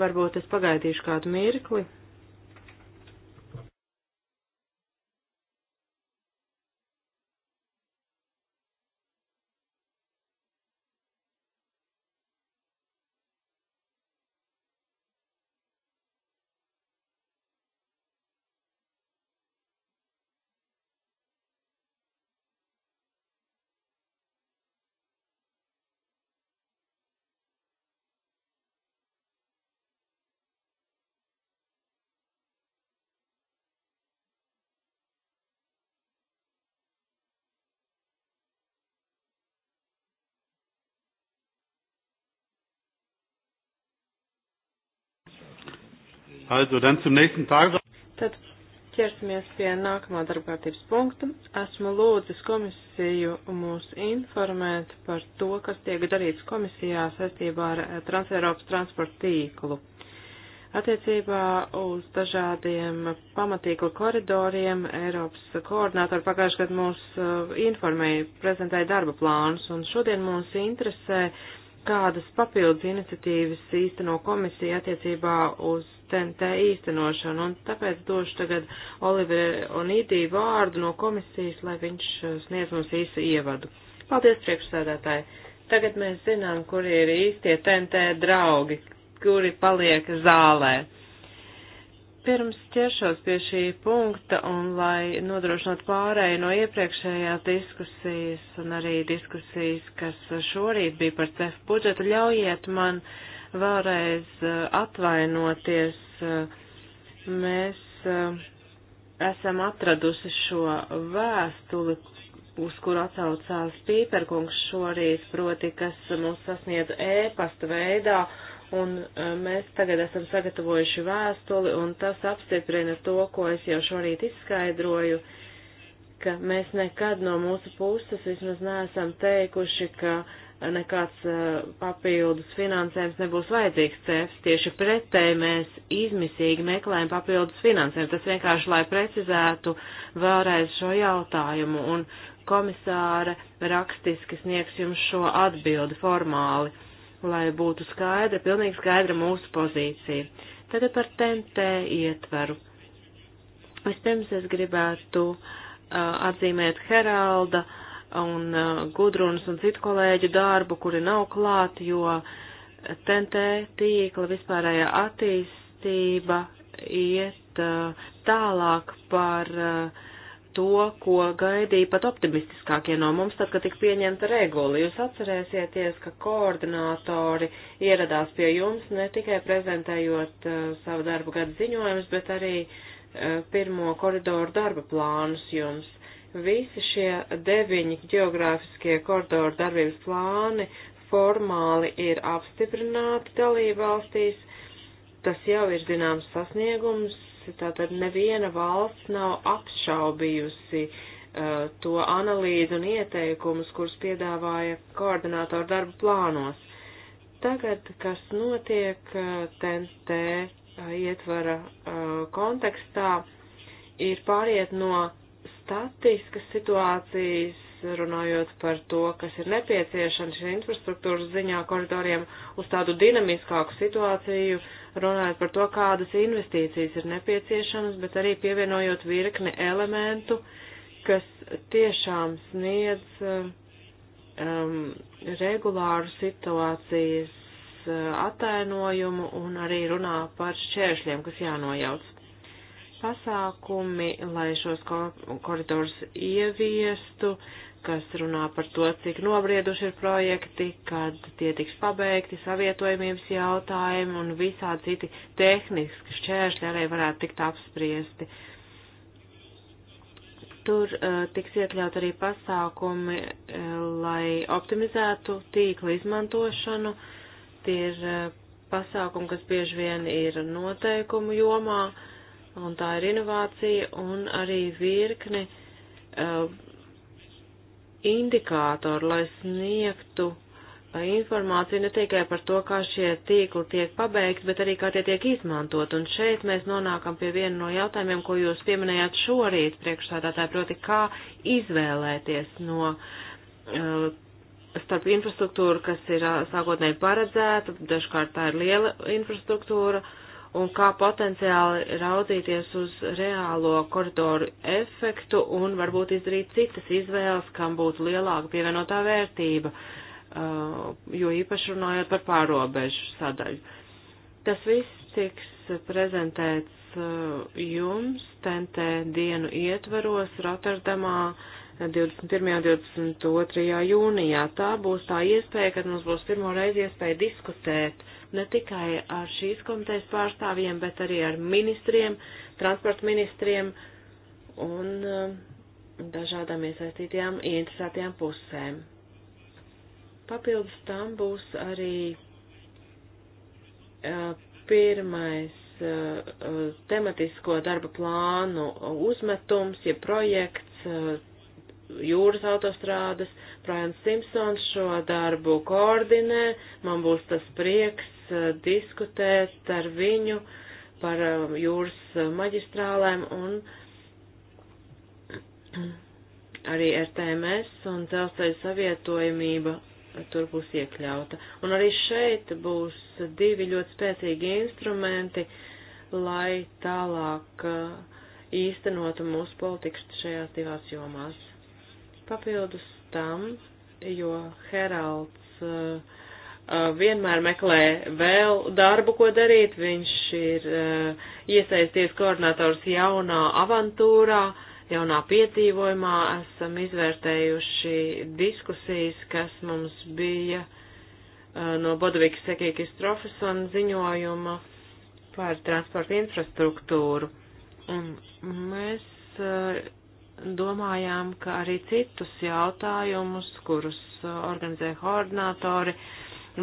Varbūt es pagaidīšu kādu mirkli. Also, dann zum nächsten Tag. Tad ķersimies pie nākamā darbkārtības punkta. Esmu lūdzis komisiju mūs informēt par to, kas tiek darīts komisijā saistībā ar eh, Transeiropas transporta tīklu. Attiecībā uz dažādiem pamatīklu koridoriem Eiropas koordinātori pagājušajā gadā mūs eh, informēja, prezentēja darba plānus, un šodien mūs interesē kādas papildus iniciatīvas īsteno komisija attiecībā uz TNT īstenošanu, un tāpēc došu tagad Olivera un Idī vārdu no komisijas, lai viņš uh, sniedz mums īsu ievadu. Paldies, priekšsēdētāji! Tagad mēs zinām, kuri ir īstie TNT draugi, kuri paliek zālē. Pirms ķeršos pie šī punkta un lai nodrošinātu pārēju no iepriekšējās diskusijas un arī diskusijas, kas šorīt bija par CEF budžetu, ļaujiet man uh, vēlreiz eh, atvainoties. Eh, mēs eh, esam atradusi šo vēstuli, uz kuru atsaucās Pīperkungs šorīt, proti, kas mūs sasniedz ēpasta veidā, un mēs tagad esam sagatavojuši vēstuli, un tas apstiprina to, ko es jau šorīt izskaidroju, ka mēs nekad no mūsu puses vismaz neesam teikuši, ka uh, nekāds eh, papildus finansējums nebūs vajadzīgs CEFs. Tieši pretēji mēs izmisīgi meklējam papildus finansējumu. Tas vienkārši, lai precizētu vēlreiz šo jautājumu, un komisāra rakstiski sniegs jums šo atbildi formāli, lai būtu skaidra, pilnīgi skaidra mūsu pozīcija. Tagad par TNT ietveru. Vispirms es gribētu uh, atzīmēt Heralda uh, un uh, Gudrunas un citu kolēģu darbu, kuri nav klāt, jo TNT tīkla vispārējā attīstība iet uh, tālāk par uh, to, ko gaidīja pat optimistiskākie no mums, tad, kad tika pieņemta regula. Jūs atcerēsieties, ka koordinātori ieradās pie jums ne tikai prezentējot uh, savu darbu gadu ziņojumus, bet arī uh, pirmo koridoru darba plānus jums. Visi šie deviņi geogrāfiskie koridoru darbības plāni formāli ir apstiprināti dalību valstīs. Tas jau ir zināms sasniegums, tātad neviena valsts nav apšaubījusi uh, to analīzi un ieteikumus, kurus piedāvāja koordinātoru darbu plānos. Tagad, kas notiek uh, TNT uh, ietvara uh, kontekstā, ir pāriet no statiskas situācijas, runājot par to, kas ir nepieciešams šī infrastruktūras ziņā koridoriem uz tādu dinamiskāku situāciju, runājot par to, kādas investīcijas ir nepieciešamas, bet arī pievienojot virkni elementu, kas tiešām sniedz um, regulāru situācijas uh, attainojumu un arī runā par šķēršļiem, kas jānojauc pasākumi, lai šos koridors ieviestu, kas runā par to, cik nobrieduši ir projekti, kad tie tiks pabeigti, savietojumības jautājumi un visā citi tehniski šķēršļi arī varētu tikt apspriesti. Tur uh, tiks iekļaut arī pasākumi, uh, lai optimizētu tīkla izmantošanu. Tie ir uh, pasākumi, kas bieži vien ir noteikumu jomā. Uh, un tā ir inovācija un arī virkne uh, indikātoru, lai sniegtu uh, informāciju ne tikai par to, kā šie tīkli tiek pabeigti, bet arī kā tie tiek izmantot. Un šeit mēs nonākam pie viena no jautājumiem, ko jūs pieminējāt šorīt priekšstādātāji, proti kā izvēlēties no uh, starp infrastruktūru, kas ir uh, sākotnēji paredzēta, dažkārt tā ir liela infrastruktūra, uh, un kā potenciāli raudzīties uz reālo koridoru efektu un varbūt izdarīt citas izvēles, kam būtu lielāka pievienotā vērtība, uh, jo īpaši runājot par pārobežu sadaļu. Tas viss tiks prezentēts uh, jums TNT dienu ietvaros Rotterdamā 21. un 22. jūnijā. Tā būs tā iespēja, kad mums būs pirmo reizi iespēja diskutēt ne tikai ar šīs komitejas pārstāvjiem, bet arī ar ministriem, transporta ministriem un um, dažādām iesaistītajām ieinteresētajām pusēm. Papildus tam būs arī uh, pirmais uh, tematisko darba plānu uzmetums, ja projekts uh, jūras autostrādes. Brian Simpsons šo darbu koordinē, man būs tas prieks Eh, diskutēt ar viņu par eh, jūras eh, maģistrālēm un arī RTMS un dzelzceļa savietojamība tur būs iekļauta. Un arī šeit būs divi ļoti spēcīgi instrumenti, lai tālāk īstenotu mūsu politikas šajās divās jomās. Papildus tam, jo Heralds uh, Uh, vienmēr meklē vēl darbu, ko darīt. Viņš ir uh, iesaisties koordinators jaunā avantūrā, jaunā piedzīvojumā. Esam izvērtējuši diskusijas, kas mums bija uh, no Bodovikas Sekīkas Trofesona ziņojuma par transporta infrastruktūru. Un mēs domājām, ka arī citus jautājumus, kurus organizē koordinātori, uh,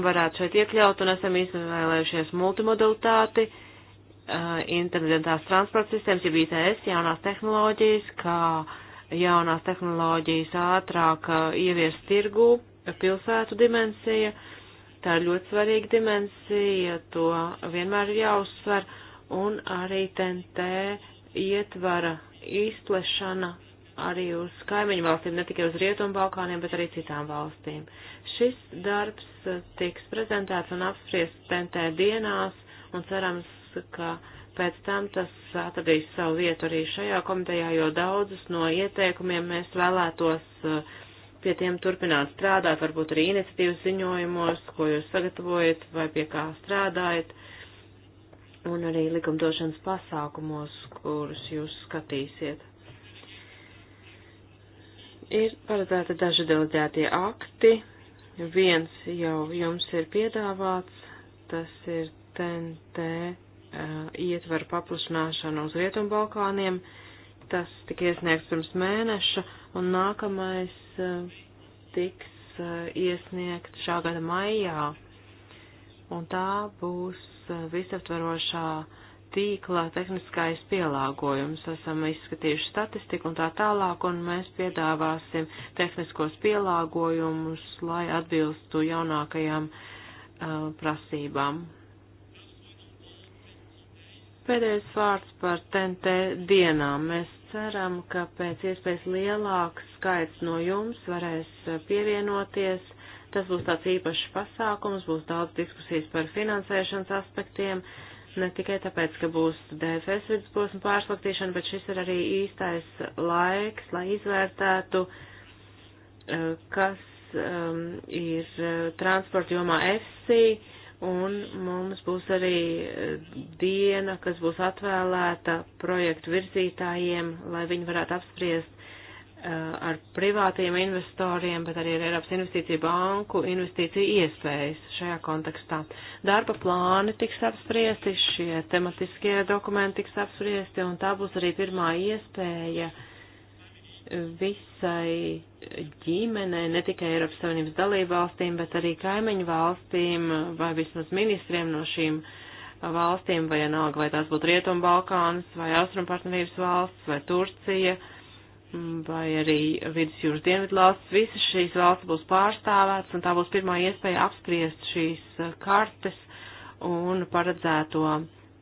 varētu šeit iekļaut, un esam izvēlējušies multimodalitāti, uh, internetās transporta sistēmas, jeb ITS, jaunās tehnoloģijas, kā jaunās tehnoloģijas ātrāk uh, ievies tirgū, pilsētu dimensija. Tā ir ļoti svarīga dimensija, to vienmēr ir jāuzsver, un arī TNT ietvara izplešana arī uz kaimiņu valstīm, ne tikai uz Rietumu Balkāniem, bet arī citām valstīm. Šis darbs uh, tiks prezentēts un apspriests tentē dienās, un cerams, ka pēc tam tas atradīs savu vietu arī šajā komitejā, jo daudzus no ieteikumiem mēs vēlētos uh, pie tiem turpināt strādāt, varbūt arī iniciatīvas ziņojumos, ko jūs sagatavojat vai pie kā strādājat, un arī likumdošanas pasākumos, kurus jūs skatīsiet ir paredzēti daži delģētie akti. Viens jau jums ir piedāvāts, tas ir TNT uh, ietvaru paplašināšana uz Rietumbalkāniem. Tas tika iesniegts pirms mēneša, un nākamais uh, tiks uh, iesniegts šā gada maijā. Un tā būs uh, visaptvarošā uh, tīklā tehniskais pielāgojums. Esam izskatījuši statistiku un tā tālāk, un mēs piedāvāsim tehniskos pielāgojumus, lai atbilstu jaunākajām uh, prasībām. Pēdējais vārds par TNT dienām. Mēs ceram, ka pēc iespējas lielāks skaits no jums varēs pievienoties. Tas būs tāds īpašs pasākums, būs daudz diskusijas par finansēšanas aspektiem. Uh, Ne tikai tāpēc, ka būs DFS vidusposma pārslaktīšana, bet šis ir arī īstais laiks, lai izvērtētu, eh, kas um, ir eh, transporta jomā FC, un mums būs arī eh, diena, kas būs atvēlēta projektu virzītājiem, lai viņi varētu apspriest Eh, ar privātiem investoriem, bet arī ar Eiropas investīciju banku investīciju iespējas šajā kontekstā. Darba plāni tiks apspriesti, šie tematiskie dokumenti tiks apspriesti, un tā būs arī pirmā iespēja visai ģimenei, ne tikai Eiropas Savienības dalību valstīm, bet arī kaimiņu valstīm vai vismaz ministriem no šīm valstīm, vai vienalga, vai tās būtu Rietumbalkāns, vai Austrumpartnerības valsts, vai Turcija, uh, vai arī vidusjūras dienvidu valsts, visas šīs valsts būs pārstāvētas un tā būs pirmā iespēja apspriest šīs uh, kartes un paredzēto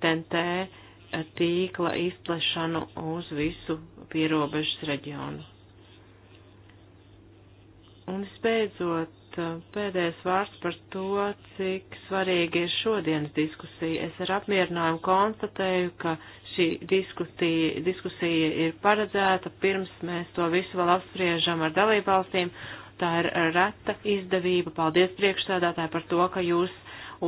TNT uh, tīkla izplešanu uz visu pierobežas reģionu. Un visbeidzot, Tagad eh, pēdējais vārds par to, cik svarīgi ir šodienas diskusija. Es ar apmierinājumu konstatēju, ka šī diskusija, diskusija ir paredzēta pirms mēs to visu vēl apspriežam ar dalībvalstīm. Tā ir reta izdevība. Paldies priekšstādātāji par to, ka jūs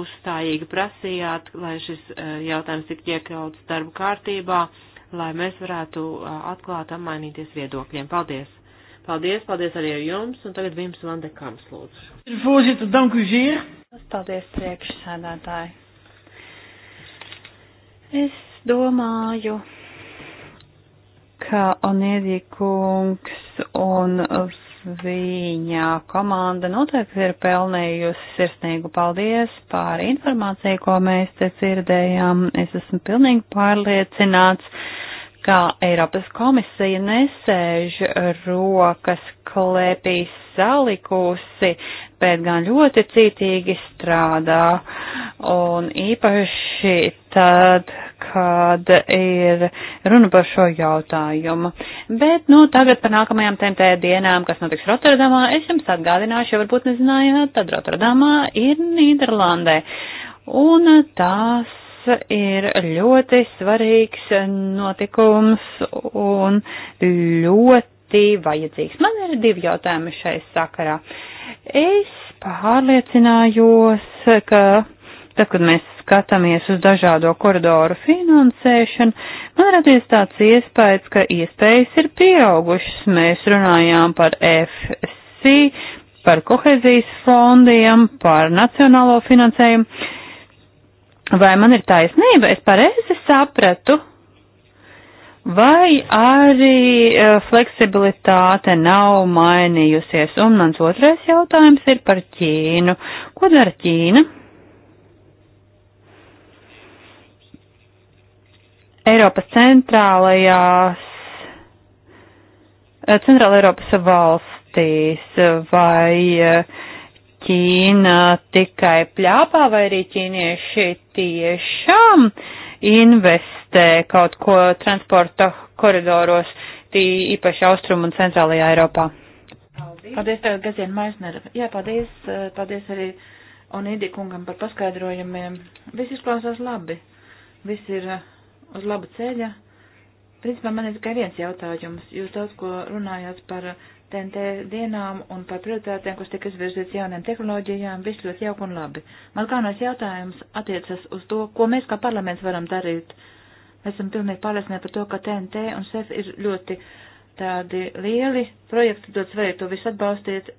uzstājīgi prasījāt, lai šis eh, jautājums tiktu iekļauts darbu kārtībā, lai mēs varētu eh, atklāt apmainīties viedokļiem. Paldies! Paldies, paldies arī ar jums, un tagad Vims Vandekams lūdzu. Voorzitter, dank u zeer. Paldies, priekšsēdētāji. Es domāju, ka Onēdī kungs un viņa komanda noteikti ir pelnījusi sirsnīgu paldies par informāciju, ko mēs te dzirdējām. Es esmu pilnīgi pārliecināts ka Eiropas komisija nesēž rokas klēpīs salikusi, bet gan ļoti cītīgi strādā. Un īpaši tad, kad ir runa par šo jautājumu. Bet, nu, tagad par nākamajām TMT dienām, kas notiks Rotterdamā, es jums atgādināšu, ja varbūt nezinājāt, tad Rotterdamā ir Nīderlandē. Un tās ir ļoti svarīgs notikums un ļoti vajadzīgs. Man ir divi jautājumi šai sakarā. Es pārliecinājos, ka tad, kad mēs skatāmies uz dažādo koridoru finansēšanu, man radies tāds iespējas, ka iespējas ir pieaugušas. Mēs runājām par FC, par kohezijas fondiem, par nacionālo finansējumu. Vai man ir taisnība? Es pareizi sapratu. Vai arī e, fleksibilitāte nav mainījusies? Un mans otrais jautājums ir par Ķīnu. Ko dara Ķīna? Eiropas centrālajās, e, centrāla Eiropas valstīs vai uh, Ķīna tikai pļāpā vai arī ķīnieši tiešām investē kaut ko transporta koridoros, tī īpaši austrumu un centrālajā Eiropā. Paldies, paldies Gazien Maisner. Jā, paldies, eh, paldies arī un Idi kungam par paskaidrojumiem. Viss izklausās labi. Viss ir eh, uz laba ceļa. Principā man ir tikai viens jautājums. Jūs daudz ko runājāt par TNT dienām un par prioritātēm, kas tika izvirzīts jauniem tehnoloģijām, viss ļoti jauk un labi. Man galvenais jautājums attiecas uz to, ko mēs kā parlaments varam darīt. Mēs esam pilnīgi pārliecināti par to, ka TNT un SEF ir ļoti tādi lieli projekti, dod svarīgi to visu atbalstīt.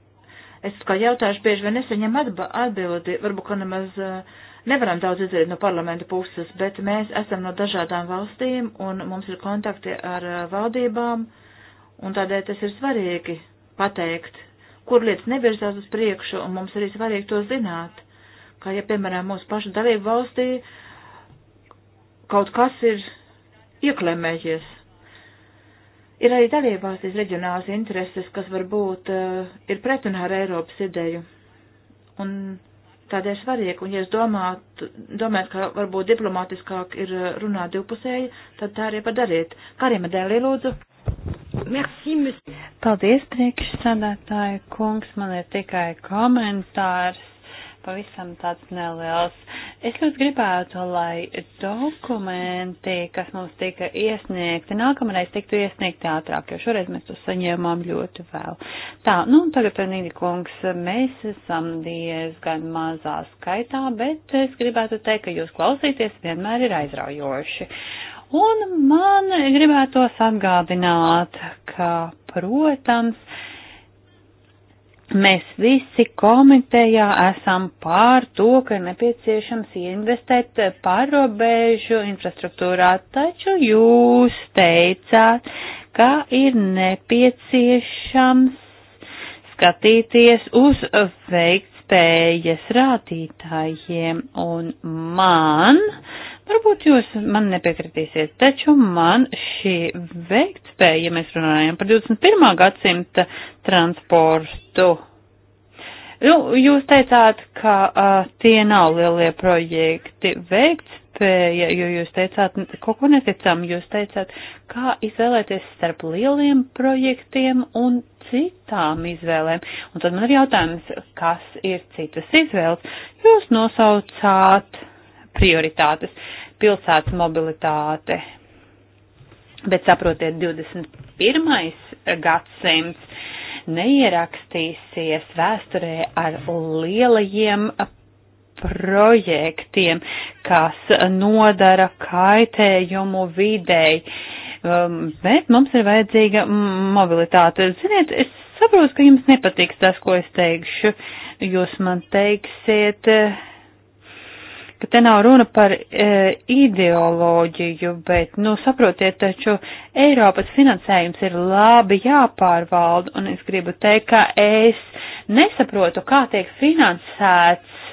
Es kā jautājuši bieži vien nesaņem atbildi, varbūt, ka nemaz uh, nevaram daudz izdarīt no parlamenta puses, bet mēs esam no dažādām valstīm un mums ir kontakti ar uh, valdībām. Uh, Un tādēļ tas ir svarīgi pateikt, kur lietas nevirzās uz priekšu, un mums arī svarīgi to zināt, ka, ja, piemēram, mūsu pašu dalību valstī kaut kas ir ieklemējies, Ir arī dalībvalstīs reģionālas intereses, kas varbūt uh, ir pretunā ar Eiropas ideju. Un tādēļ svarīgi, un ja es domātu, domāju, ka varbūt diplomātiskāk ir eh, runāt divpusēji, tad tā arī padariet. Karima Dēlī lūdzu. Merci, monsieur. Paldies, priekšsādātāji kungs. Man ir tikai komentārs. Pavisam tāds neliels. Es ļoti gribētu, lai dokumenti, kas mums tika iesniegti, nākamreiz tiktu iesniegti ātrāk, jo šoreiz mēs to saņēmām ļoti vēl. Tā, nu, tagad, Nīdi kungs, mēs esam diezgan mazā skaitā, bet es gribētu teikt, ka jūs klausīties vienmēr ir aizraujoši. Uh, Un man gribētos atgādināt, ka, protams, mēs visi komitejā esam pār to, ka ir nepieciešams investēt pārobežu infrastruktūrā, taču jūs teicāt, ka ir nepieciešams skatīties uz veiktspējas rādītājiem, un man uh, Varbūt jūs man nepiekritīsiet, taču man šī veiktspēja, ja mēs runājam par 21. gadsimta transportu, nu, jūs teicāt, ka uh, tie nav lielie projekti veiktspēja, jo jūs teicāt, kaut ko neticam, jūs teicāt, kā izvēlēties starp lieliem projektiem un citām izvēlēm. Un tad man ir jautājums, kas ir citas izvēles? Jūs nosaucāt prioritātes - pilsētas mobilitāte. Bet saprotiet, 21. gadsimts neierakstīsies vēsturē ar lielajiem projektiem, kas nodara kaitējumu videi. Um, bet mums ir vajadzīga mobilitāte. Ziniet, es saprotu, ka jums nepatiks tas, ko es teikšu. Jūs man teiksiet, ka te nav runa par e, ideoloģiju, bet, nu, saprotiet, taču Eiropas finansējums ir labi jāpārvalda, un es gribu teikt, ka es nesaprotu, kā tiek finansēts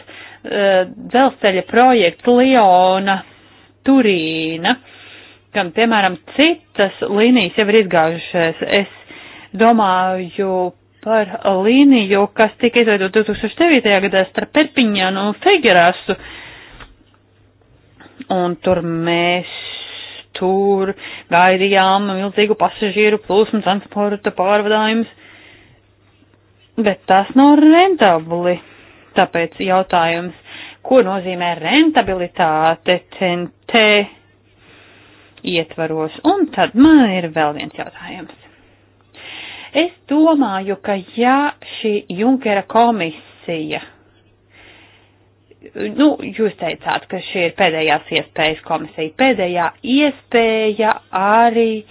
e, dzelzceļa projekts Liona Turīna, kam, piemēram, citas līnijas jau ir izgājušās. Es domāju par līniju, kas tika izveidota 2009. gadā starp Perpiņānu un Figerasu. Uh, un tur mēs tur gaidījām milzīgu pasažieru plūsmu transporta pārvadājums, bet tas nav rentabli. Tāpēc jautājums, ko nozīmē rentabilitāte TNT ietvaros? Un tad man ir vēl viens jautājums. Es domāju, ka ja šī Junkera komisija nu, jūs teicāt, ka šī ir pēdējās iespējas komisija. Pēdējā iespēja arī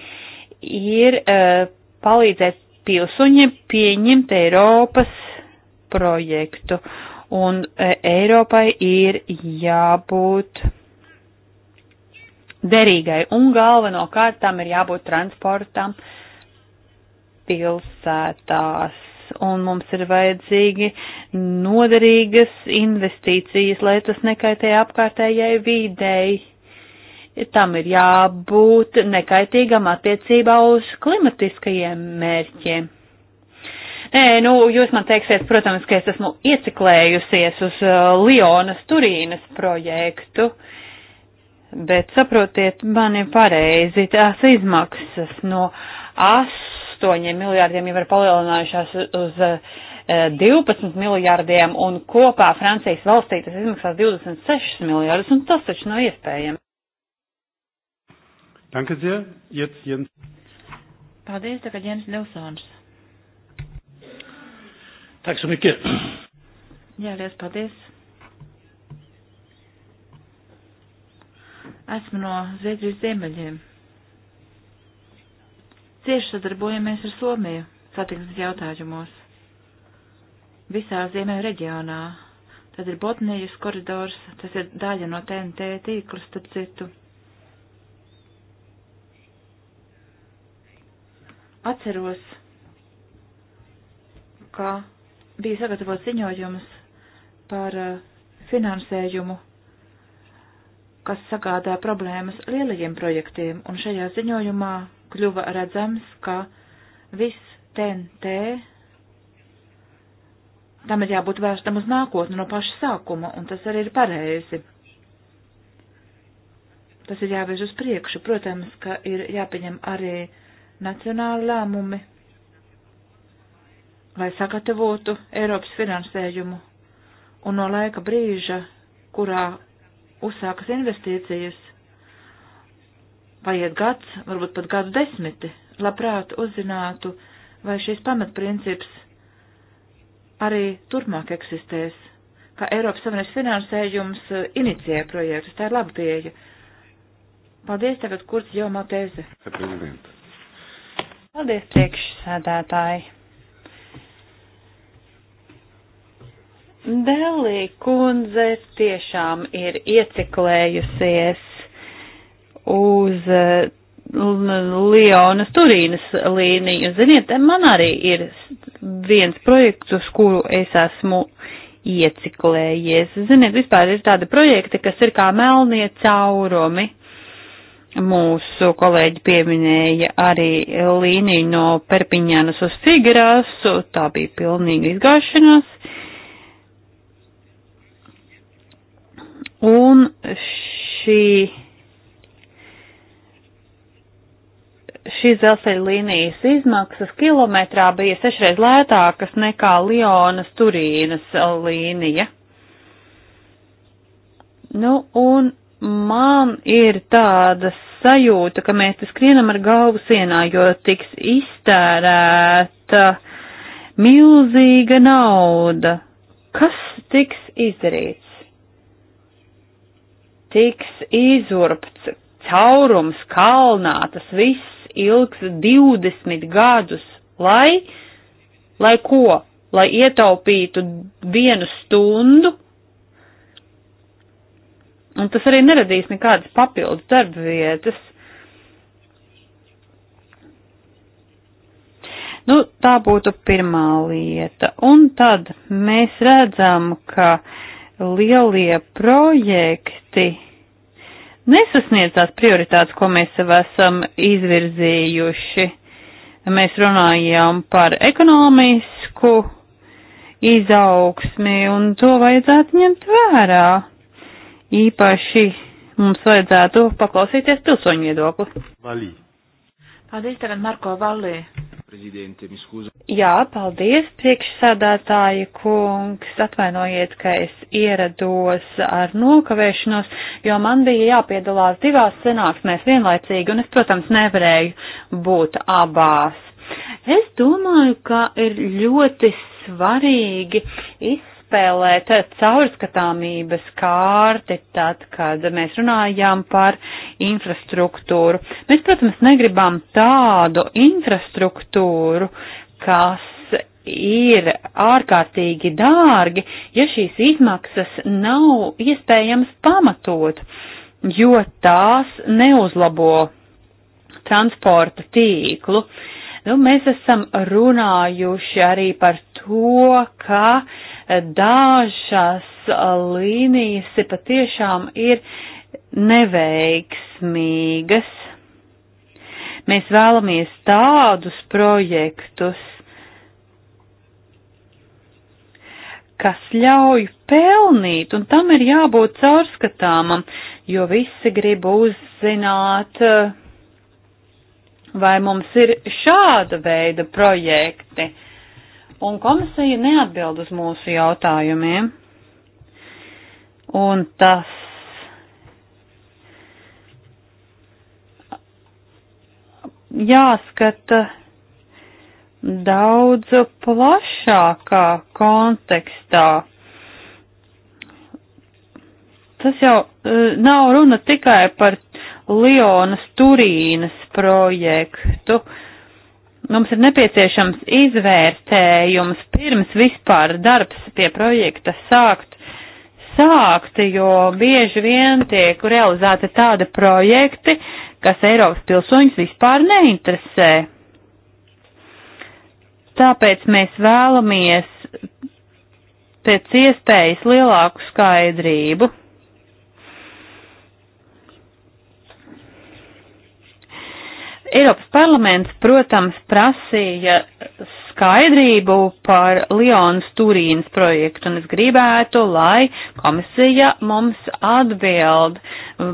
ir uh, palīdzēt pilsoņiem pieņemt Eiropas projektu. Un uh, Eiropai ir jābūt derīgai. Un galvenokārt tam ir jābūt transportam pilsētās un mums ir vajadzīgi noderīgas investīcijas, lai tas nekaitē apkārtējai videi. Tam ir jābūt nekaitīgam attiecībā uz klimatiskajiem mērķiem. Nē, nu, jūs man teiksiet, protams, ka es esmu ieciklējusies uz uh, Lionas Turīnas projektu, bet saprotiet mani pareizi, tās izmaksas no 8 8 miljārdiem jau ir palielinājušās uz 12 eh, miljārdiem, un kopā Francijas valstī tas izmaksās 26 miljārdus, un tas taču nav iespējami. Danke sehr. Jetzt Jens. Paldies, tagad Jens Nilsons. Tack så mycket. Jā, liels paldies. Esmu no Zviedrijas ziemeļiem. Cieši sadarbojamies ar Somiju satiksmes jautājumos visā ziemē reģionā. Tad ir Botnijas koridors, tas ir daļa no TNT tīkla, starp citu. Atceros, ka bija sagatavots ziņojums par uh, finansējumu, kas sagādā problēmas lielajiem projektiem, un šajā ziņojumā kļuva redzams, ka viss TNT tam ir jābūt vērstam uz nākotni no paša sākuma, un tas arī ir pareizi. Tas ir jāvērš uz priekšu. Protams, ka ir jāpieņem arī nacionāli lēmumi, lai sagatavotu Eiropas finansējumu, un no laika brīža, kurā uzsākas investīcijas, paiet gads, varbūt pat gadu desmiti, labprāt uzzinātu, vai šis pamatprincips arī turpmāk eksistēs, kā Eiropas Savienības finansējums eh, inicijē projektus. Tā ir laba pieeja. Paldies, tagad kurts jau Matēze. Paldies, priekšsēdētāji. Delī kundze tiešām ir ieciklējusies uz eh, Lionas Turīnas līniju. Ziniet, man arī ir viens projekts, uz kuru es esmu ieciklējies. Ziniet, vispār ir tādi projekti, kas ir kā melnie caurumi. Mūsu kolēģi pieminēja arī līniju no Perpiņānas uz Figarasu, tā bija pilnīga izgāšanās. Un šī šīs dzelzceļa līnijas izmaksas kilometrā bija sešreiz lētākas nekā Lionas Turīnas uh, līnija. Nu, un man ir tāda sajūta, ka mēs te skrienam ar galvu sienā, jo tiks iztērēta milzīga nauda. Kas tiks izdarīts? Tiks izurpts caurums kalnā, tas viss ilgs 20 gadus, lai, lai ko, lai ietaupītu vienu stundu, un tas arī neradīs nekādas papildus darba vietas. Nu, tā būtu pirmā lieta. Un tad mēs redzam, ka lielie projekti nesasniedz tās prioritātes, ko mēs sev esam izvirzījuši. Mēs runājām par ekonomisku izaugsmi, un to vajadzētu ņemt vērā. Īpaši mums vajadzētu paklausīties pilsoņu viedokli. Valī. Paldies, tagad Marko Valī. Prezidente, mi skūza. Jā, paldies, priekšsādātāji kungs. Atvainojiet, ka es ierados ar nokavēšanos, jo man bija jāpiedalās divās sanāksmēs vienlaicīgi, un es, protams, nevarēju būt abās. Es domāju, ka ir ļoti svarīgi iz atspēlēt caurskatāmības kārti tad, kad mēs runājām par infrastruktūru. Mēs, protams, negribam tādu infrastruktūru, kas ir ārkārtīgi dārgi, ja šīs izmaksas nav iespējams pamatot, jo tās neuzlabo transporta tīklu. Nu, mēs esam runājuši arī par to, ka Dažas līnijas patiešām ir neveiksmīgas. Mēs vēlamies tādus projektus, kas ļauj pelnīt, un tam ir jābūt caurskatāmam, jo visi grib uzzināt, eh, vai mums ir šāda veida projekti un komisija neatbild uz mūsu jautājumiem. Un tas jāskata daudz plašākā kontekstā. Tas jau e, nav runa tikai par Lionas Turīnas projektu. Uh, mums ir nepieciešams izvērtējums pirms vispār darbs pie projekta sākt, sākt, jo bieži vien tiek realizēti tādi projekti, kas Eiropas pilsoņus vispār neinteresē. Tāpēc mēs vēlamies pēc iespējas lielāku skaidrību Eiropas parlaments, protams, prasīja skaidrību par Lionas Turīnas projektu, un es gribētu, lai komisija mums atbild,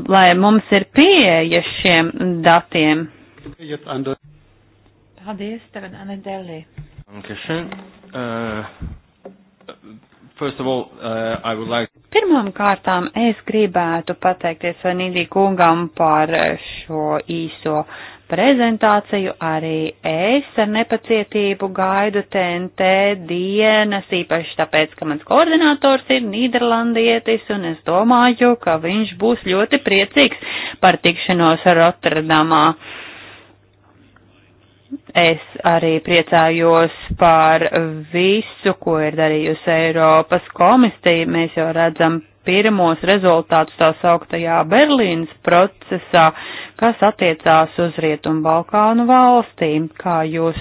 lai mums ir pieeja šiem datiem. Paldies, tagad Anedeli. Äh, all, uh, like... Pirmām kārtām es gribētu pateikties Vanīdī kungam par šo īso prezentāciju. Arī es ar nepacietību gaidu TNT dienas, īpaši tāpēc, ka mans koordinators ir Nīderlandietis, un es domāju, ka viņš būs ļoti priecīgs par tikšanos Rotterdamā. Es arī priecājos par visu, ko ir darījusi Eiropas komisija. Mēs jau redzam pirmos rezultātus tā sauktajā Berlīnas procesā, kas attiecās uz Rietumu Balkānu valstīm. Kā jūs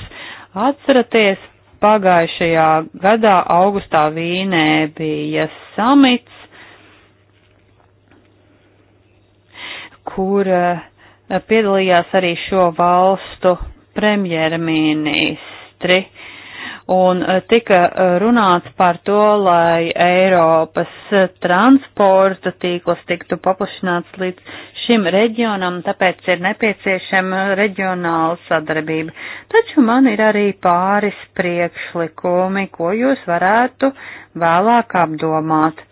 atceraties, pagājušajā gadā augustā Vīnē bija samits, kur eh, piedalījās arī šo valstu premjerministri un eh, tika eh, runāts par to, lai Eiropas eh, transporta tīkls tiktu paplašināts līdz šim reģionam, tāpēc ir nepieciešama reģionāla sadarbība. Taču man ir arī pāris priekšlikumi, ko jūs varētu vēlāk apdomāt.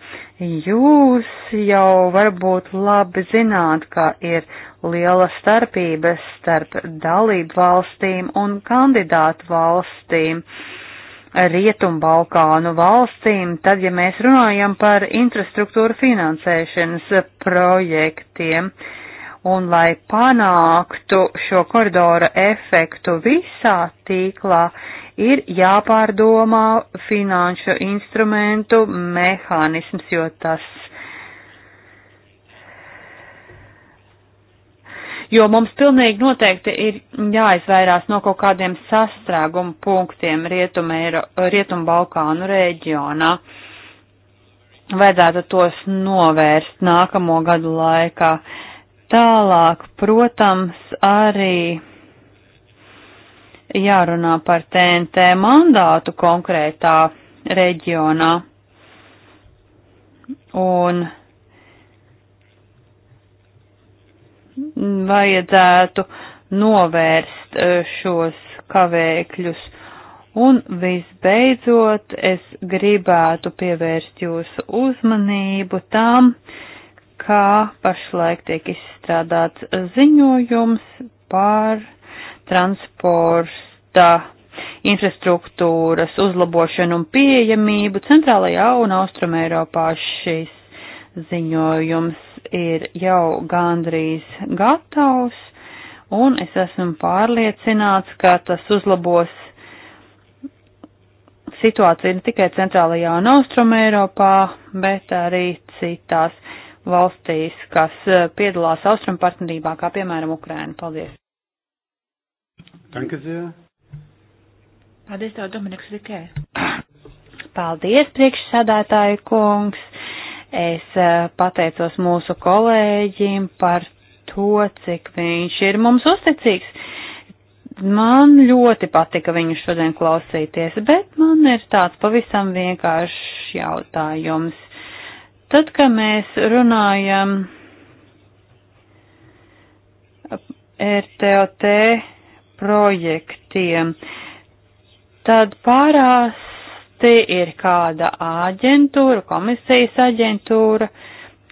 Jūs jau varbūt labi zināt, ka ir liela starpības starp dalību valstīm un kandidātu valstīm. Uh, Rietumbalkānu valstīm, tad, ja mēs runājam par infrastruktūra finansēšanas projektiem, un lai panāktu šo koridora efektu visā tīklā, ir jāpārdomā finanšu instrumentu mehānisms, jo tas jo mums pilnīgi noteikti ir jāizvairās no kaut kādiem sastrēgumu punktiem Rietumu Balkānu reģionā. Vajadzētu tos novērst nākamo gadu laikā. Tālāk, protams, arī jārunā par TNT mandātu konkrētā reģionā. Un vajadzētu novērst e, šos kavēkļus. Un visbeidzot, es gribētu pievērst jūsu uzmanību tam, kā pašlaik tiek izstrādāts ziņojums par transporta infrastruktūras uzlabošanu un pieejamību centrālajā un austrumē Eiropā šis ziņojums ir jau gandrīz gatavs, un es esmu pārliecināts, ka tas uzlabos situāciju ne tikai centrālajā un austrumē Eiropā, bet arī citās valstīs, kas eh, piedalās austrumu partnerībā, kā piemēram Ukraina. Paldies! Danke sehr. Paldies tev, Dominiks Rikē. Paldies, priekšsādātāju kungs. Es eh, pateicos mūsu kolēģim par to, cik viņš ir mums uzticīgs. Man ļoti patika viņu šodien klausīties, bet man ir tāds pavisam vienkāršs jautājums. Tad, kad mēs runājam RTOT projektiem, tad pārās parasti ir kāda aģentūra, komisijas aģentūra,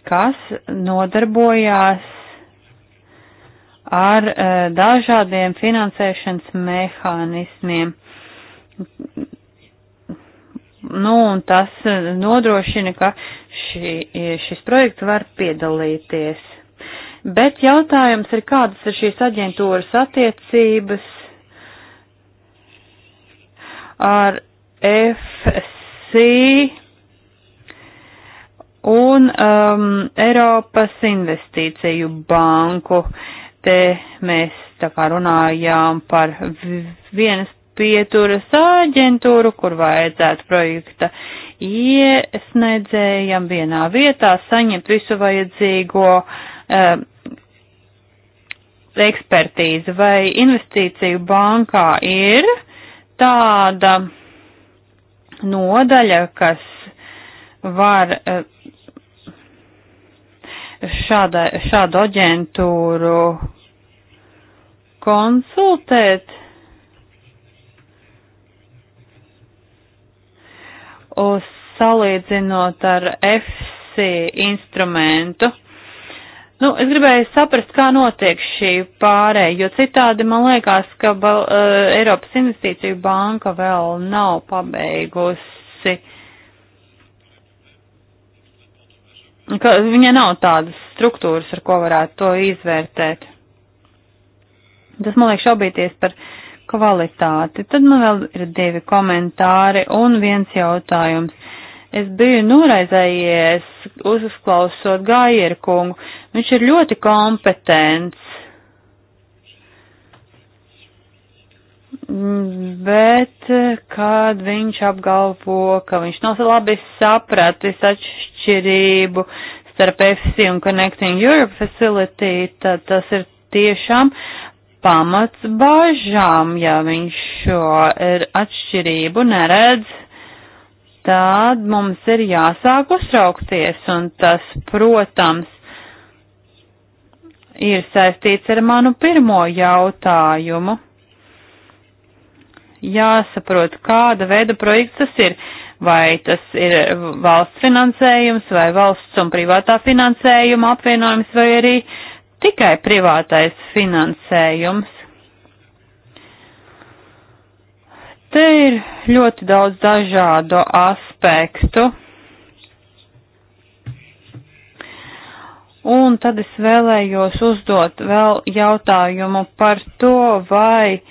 kas nodarbojās ar e, dažādiem finansēšanas mehānismiem. Nu, un tas nodrošina, ka šī, šis projekts var piedalīties. Bet jautājums ir, kādas ir šīs aģentūras attiecības ar FC un um, Eiropas investīciju banku. Te mēs tā kā runājām par vienas pieturas aģentūru, kur vajadzētu projekta iesniedzējam vienā vietā saņemt visu vajadzīgo um, ekspertīzi. Vai investīciju bankā ir tāda nodaļa, kas var eh, šāda, šādu aģentūru konsultēt. Uz salīdzinot ar FC instrumentu, Nu, es gribēju saprast, kā notiek šī pārē, jo citādi man liekas, ka ba uh, Eiropas investīciju banka vēl nav pabeigusi. Ka viņa nav tādas struktūras, ar ko varētu to izvērtēt. Tas man liek šaubīties par kvalitāti. Tad man vēl ir divi komentāri un viens jautājums. Es biju noraizējies uzklausot Gaieru kungu. Viņš ir ļoti kompetents. Mm, bet, eh, kad viņš apgalvo, ka viņš nav labi sapratis atšķirību starp FC un Connecting Europe Facility, tad tas ir tiešām pamats bažām, ja viņš šo er, atšķirību neredz tad mums ir jāsāk uztraukties, un tas, protams, ir saistīts ar manu pirmo jautājumu. Jāsaprot, kāda veida projekts tas ir, vai tas ir valsts finansējums, vai valsts un privātā finansējuma apvienojums, vai arī tikai privātais finansējums. Te ir ļoti daudz dažādu aspektu. Un tad es vēlējos uzdot vēl jautājumu par to, vai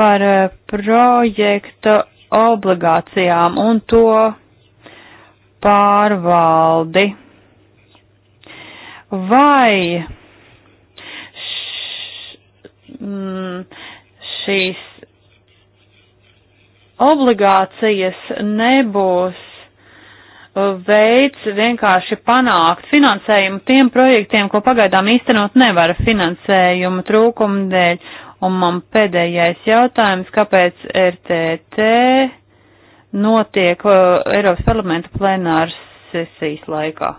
par eh, projekta obligācijām un to pārvaldi. Vai mm, šīs obligācijas nebūs veids vienkārši panākt finansējumu tiem projektiem, ko pagaidām īstenot nevar finansējumu trūkumu dēļ. Un man pēdējais jautājums, kāpēc RTT notiek uh, Eiropas parlamenta plenāras sesijas laikā.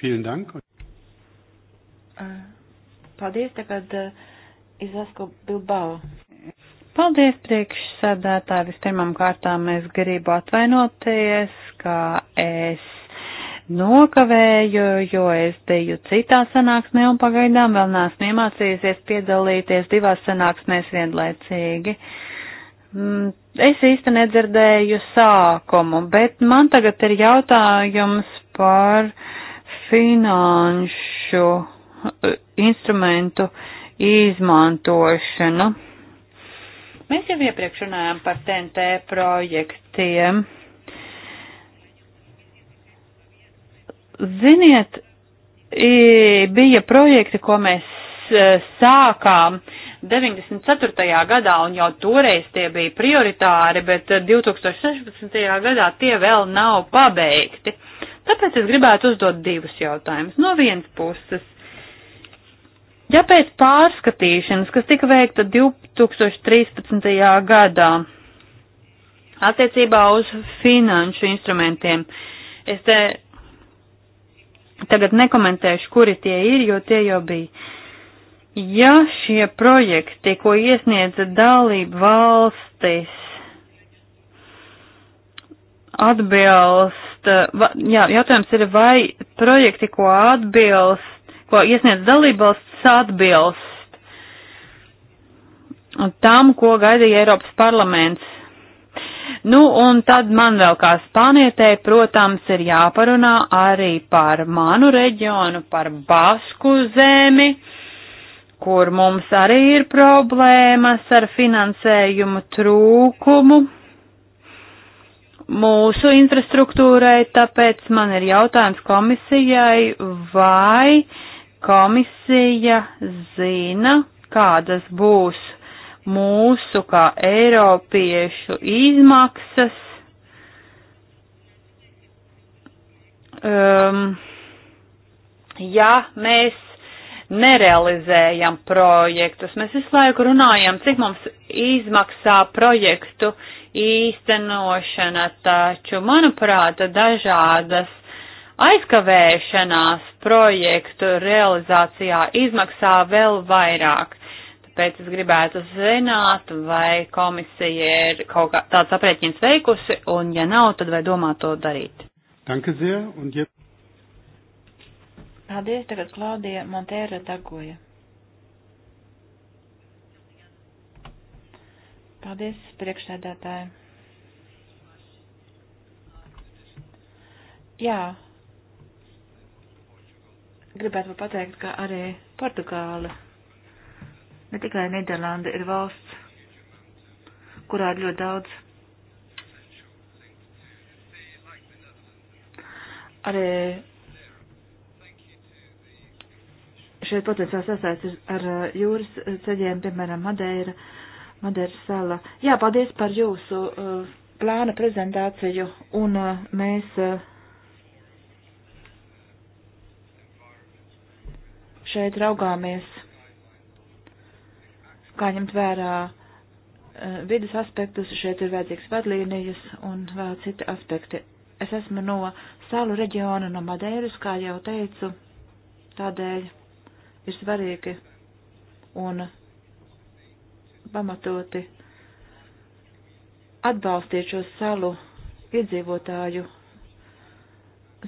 Vielen Dank. Uh, paldies, tagad uh, Izasko Bilbao. Paldies, priekšsādātāji. Vispirmām kārtām es gribu atvainoties, ka es nokavēju, jo es biju citā sanāksmē un pagaidām vēl neesmu iemācījusies piedalīties divās sanāksmēs vienlaicīgi. Mm, es īsti nedzirdēju sākumu, bet man tagad ir jautājums par finanšu eh, instrumentu izmantošanu. Mēs jau iepriekš runājām par TNT projektiem Ziniet, bija projekti, ko mēs e, sākām 94. gadā, un jau toreiz tie bija prioritāri, bet 2016. E, gadā tie vēl nav pabeigti. Tāpēc es gribētu uzdot divus jautājumus. No vienas puses, ja pēc pārskatīšanas, kas tika veikta 2013. gadā, attiecībā uz finanšu instrumentiem, es te Tagad nekomentēšu, kuri tie ir, jo tie jau bija. Ja šie projekti, ko iesniedza dalība valstis, atbilst, jā, jautājums ir, vai projekti, ko atbilst, ko iesniedz dalība valsts, atbilst tam, ko gaidīja Eiropas parlaments Nu, un tad man vēl kā spānietē, protams, ir jāparunā arī par manu reģionu, par Basku zemi, kur mums arī ir problēmas ar finansējumu trūkumu mūsu infrastruktūrai, tāpēc man ir jautājums komisijai, vai komisija zina, kādas būs mūsu kā Eiropiešu izmaksas. Um, ja mēs nerealizējam projektus, mēs visu laiku runājam, cik mums izmaksā projektu īstenošana, taču, manuprāt, dažādas aizkavēšanās projektu realizācijā izmaksā vēl vairāk. Tāpēc es gribētu zināt, vai komisija ir kaut kā tāds aprēķins veikusi, un ja nav, tad vai domā to darīt. Danke sehr, un jeb... Paldies, tagad Klaudija Montēra Dagoja. Paldies, priekšsēdētāji. Jā, gribētu pateikt, ka arī Portugāla Ne tikai Nīderlanda ir valsts, kurā ir ļoti daudz arī šeit potenciāls sasaistis ar uh, jūras uh, ceļiem, piemēram, Madeira, Madeira sala. Jā, paldies par jūsu uh, plāna prezentāciju, un uh, mēs uh, šeit raugāmies kā ņemt vērā eh, vidas aspektus, šeit ir vajadzīgs vadlīnijas un vēl citi aspekti. Es esmu no salu reģiona, no Madeiras, kā jau teicu, tādēļ ir svarīgi un pamatoti atbalstīt šo salu iedzīvotāju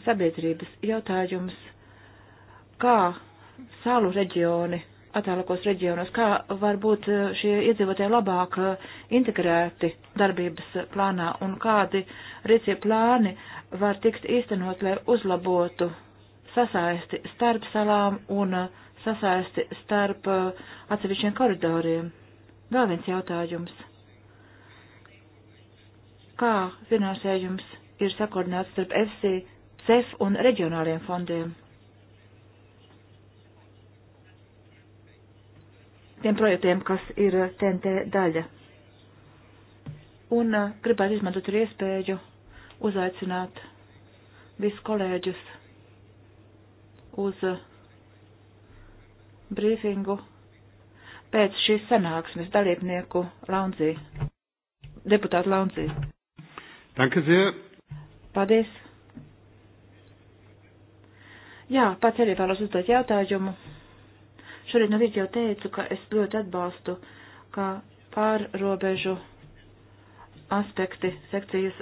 sabiedrības jautājums, kā salu reģioni attālākos reģionos, kā var būt eh, šie iedzīvotāji labāk eh, integrēti darbības plānā un kādi rīcie plāni var tikt īstenot, lai uzlabotu sasaisti starp salām un eh, sasaisti starp atsevišķiem koridoriem. Vēl viens jautājums. Kā finansējums ir sakoordināts starp FC, CEF un reģionāliem fondiem? tiem projektiem, kas ir TNT daļa. Un eh, gribētu izmantot arī iespēju uzaicināt visus kolēģus uz eh, brīfingu pēc šīs sanāksmes dalībnieku launzī, deputātu launzī. Danke sehr. Paldies. Jā, pats arī vēlos uzdot jautājumu. Šorīt no rīta jau teicu, ka es ļoti atbalstu, ka pārrobežu aspekti sekcijas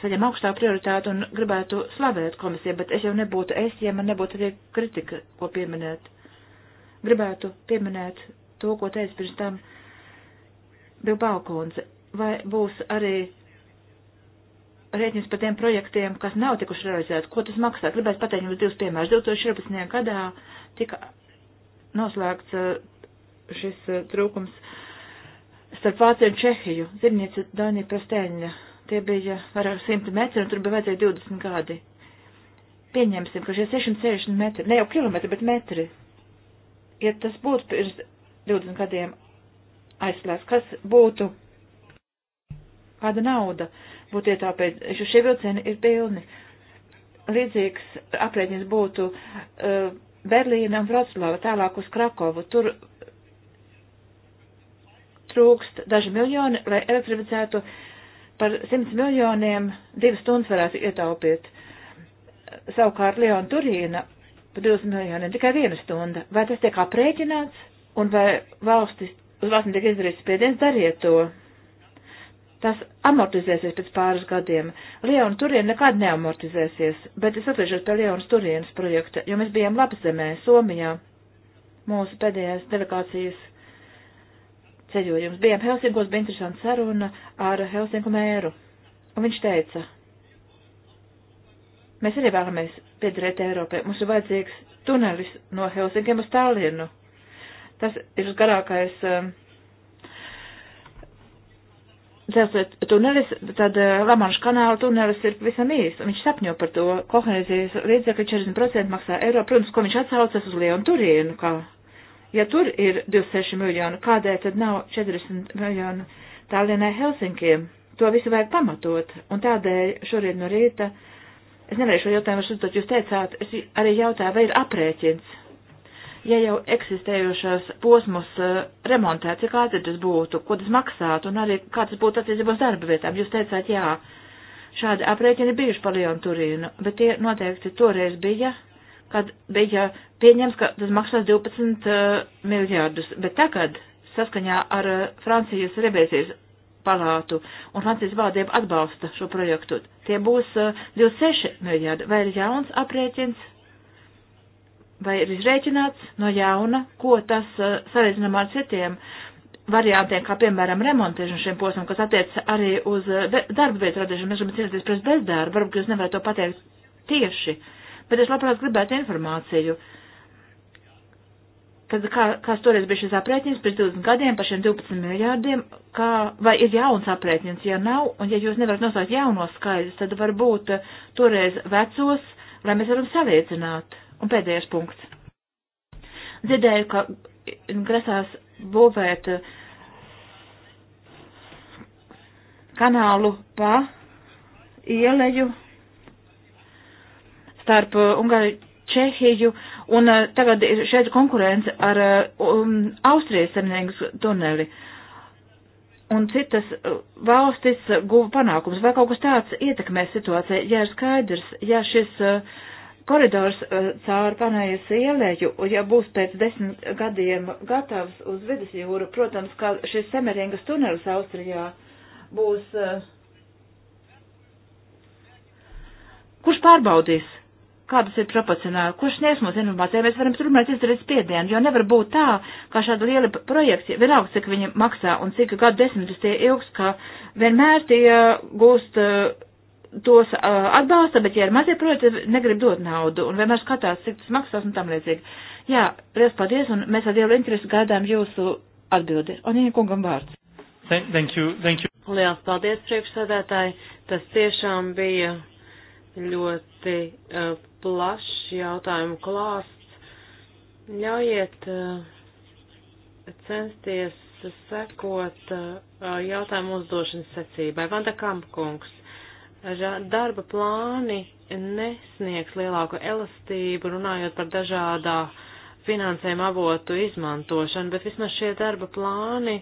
saņem augstāku prioritātu un gribētu slavēt komisiju, bet es jau nebūtu es, ja man nebūtu arī kritika, ko pieminēt. Gribētu pieminēt to, ko teica pirms tam Bilbaukundze, vai būs arī rēķins par tiem projektiem, kas nav tikuši realizēti, ko tas maksā. Gribētu pateikt jums divus piemērus. 2014. gadā tika noslēgts eh, šis eh, trūkums starp Vāciju un Čehiju. Zirniece Dainija Prastēņa. Tie bija vairāk simti metri, un tur bija vajadzēja 20 gadi. Pieņemsim, ka šie 660 metri, ne jau kilometri, bet metri, ja tas būtu pirms 20 gadiem aizslēgts, kas būtu, kāda nauda būtu ietāpēt, jo šie vilcieni ir pilni. Līdzīgs aprēķins būtu uh, Berlīna un Vroclava, tālāk uz Krakovu. Tur trūkst daži miljoni, lai elektrificētu par 100 miljoniem divas stundas varētu ietaupīt. Savukārt Leona Turīna par 20 miljoniem tikai viena stunda. Vai tas tiek aprēķināts un vai valstis, uz valstīm tiek izdarīts spiediens, dariet to? tas amortizēsies pēc pāris gadiem. Liona turien nekad neamortizēsies, bet es atgriežos pie Lionas turienes projekta, jo mēs bijām Lapzemē, Somijā, mūsu pēdējās delegācijas ceļojums. Bijām Helsinkos, bija interesanta saruna ar Helsinku mēru, un viņš teica, mēs arī vēlamies piedarēt Eiropai, mums ir vajadzīgs tunelis no Helsinkiem uz Tallinu. Tas ir garākais. Um, dzelzceļa tunelis, tad eh, Lamanša kanāla tunelis ir pavisam īsts, un viņš sapņo par to. Kohēzijas līdzekļi 40% maksā eiro, protams, ko viņš atsaucas uz lielu turienu, kā, ja tur ir 26 miljoni, kādēļ tad nav 40 miljonu Tallinai Helsinkiem? To visu vajag pamatot, un tādēļ šorīt no rīta, es nevarēšu šo jautājumu uzdot, jūs teicāt, es arī jautāju, vai ir aprēķins, ja jau eksistējošos posmus eh, remontē, cik ātri tas būtu, ko tas maksātu un arī kā tas būtu attiecībos darba vietām. Jūs teicāt, jā, šādi aprēķini bijuši par Lionu Turīnu, bet tie noteikti toreiz bija, kad bija pieņems, ka tas maksās 12 uh, eh, miljārdus, bet tagad saskaņā ar uh, Francijas rebēsijas palātu un Francijas valdība atbalsta šo projektu. Tie būs uh, 26 miljārdi. Vai ir jauns aprēķins? vai ir izrēķināts no jauna, ko tas uh, salīdzinām ar citiem variantiem, kā piemēram remontēšana šiem posmam, kas attiec arī uz be, eh, darba vietu radīšanu, mēs varam cīnīties pret bezdarbu, varbūt jūs nevarat to pateikt tieši, bet es labprāt gribētu informāciju. Tad kā, kāds toreiz bija šis aprēķins pirms 20 gadiem par šiem 12 miljārdiem, kā, vai ir jauns aprēķins, ja nav, un ja jūs nevarat nosaukt jaunos skaidrs, tad varbūt eh, toreiz vecos, lai mēs varam salīdzināt Un pēdējais punkts. Dzirdēju, ka grasās būvēt eh, kanālu pa ieleju starp eh, Ungāriju Čehiju, un uh, tagad ir šeit konkurence ar um, Austrijas zemnieku tuneli. Un citas valstis guva panākums. Vai kaut kas tāds ietekmē situāciju, ja ir skaidrs, ja šis uh, koridors eh, cauri Panajas ielēju, ja būs pēc desmit gadiem gatavs uz vidus jūru, protams, ka šis Semeringas tunelis Austrijā būs. Eh, kurš pārbaudīs, kādas ir proporcionāli, kurš sniegs mums informāciju, mēs varam tur mēs izdarīt spiedienu, jo nevar būt tā, ka šāda liela projekta, vienalga, cik viņi maksā un cik gadu desmitus tie ilgs, ka vienmēr tie gūst uh, tos uh, atbalsta, bet, ja ir mazie projekti, negrib dot naudu un vienmēr skatās, cik tas maksās un tam līdzīgi. Jā, liels paldies, un mēs ar lielu interesi gaidām jūsu atbildi. Un, ja kungam vārds. Thank you, thank you. Liels paldies, priekšsādātāji. Tas tiešām bija ļoti uh, plašs jautājumu klāsts. Ļaujiet uh, censties sekot uh, jautājumu uzdošanas secībai. Vanda Kampkungs darba plāni nesniegs lielāku elastību, runājot par dažādā finansējuma avotu izmantošanu, bet vismaz šie darba plāni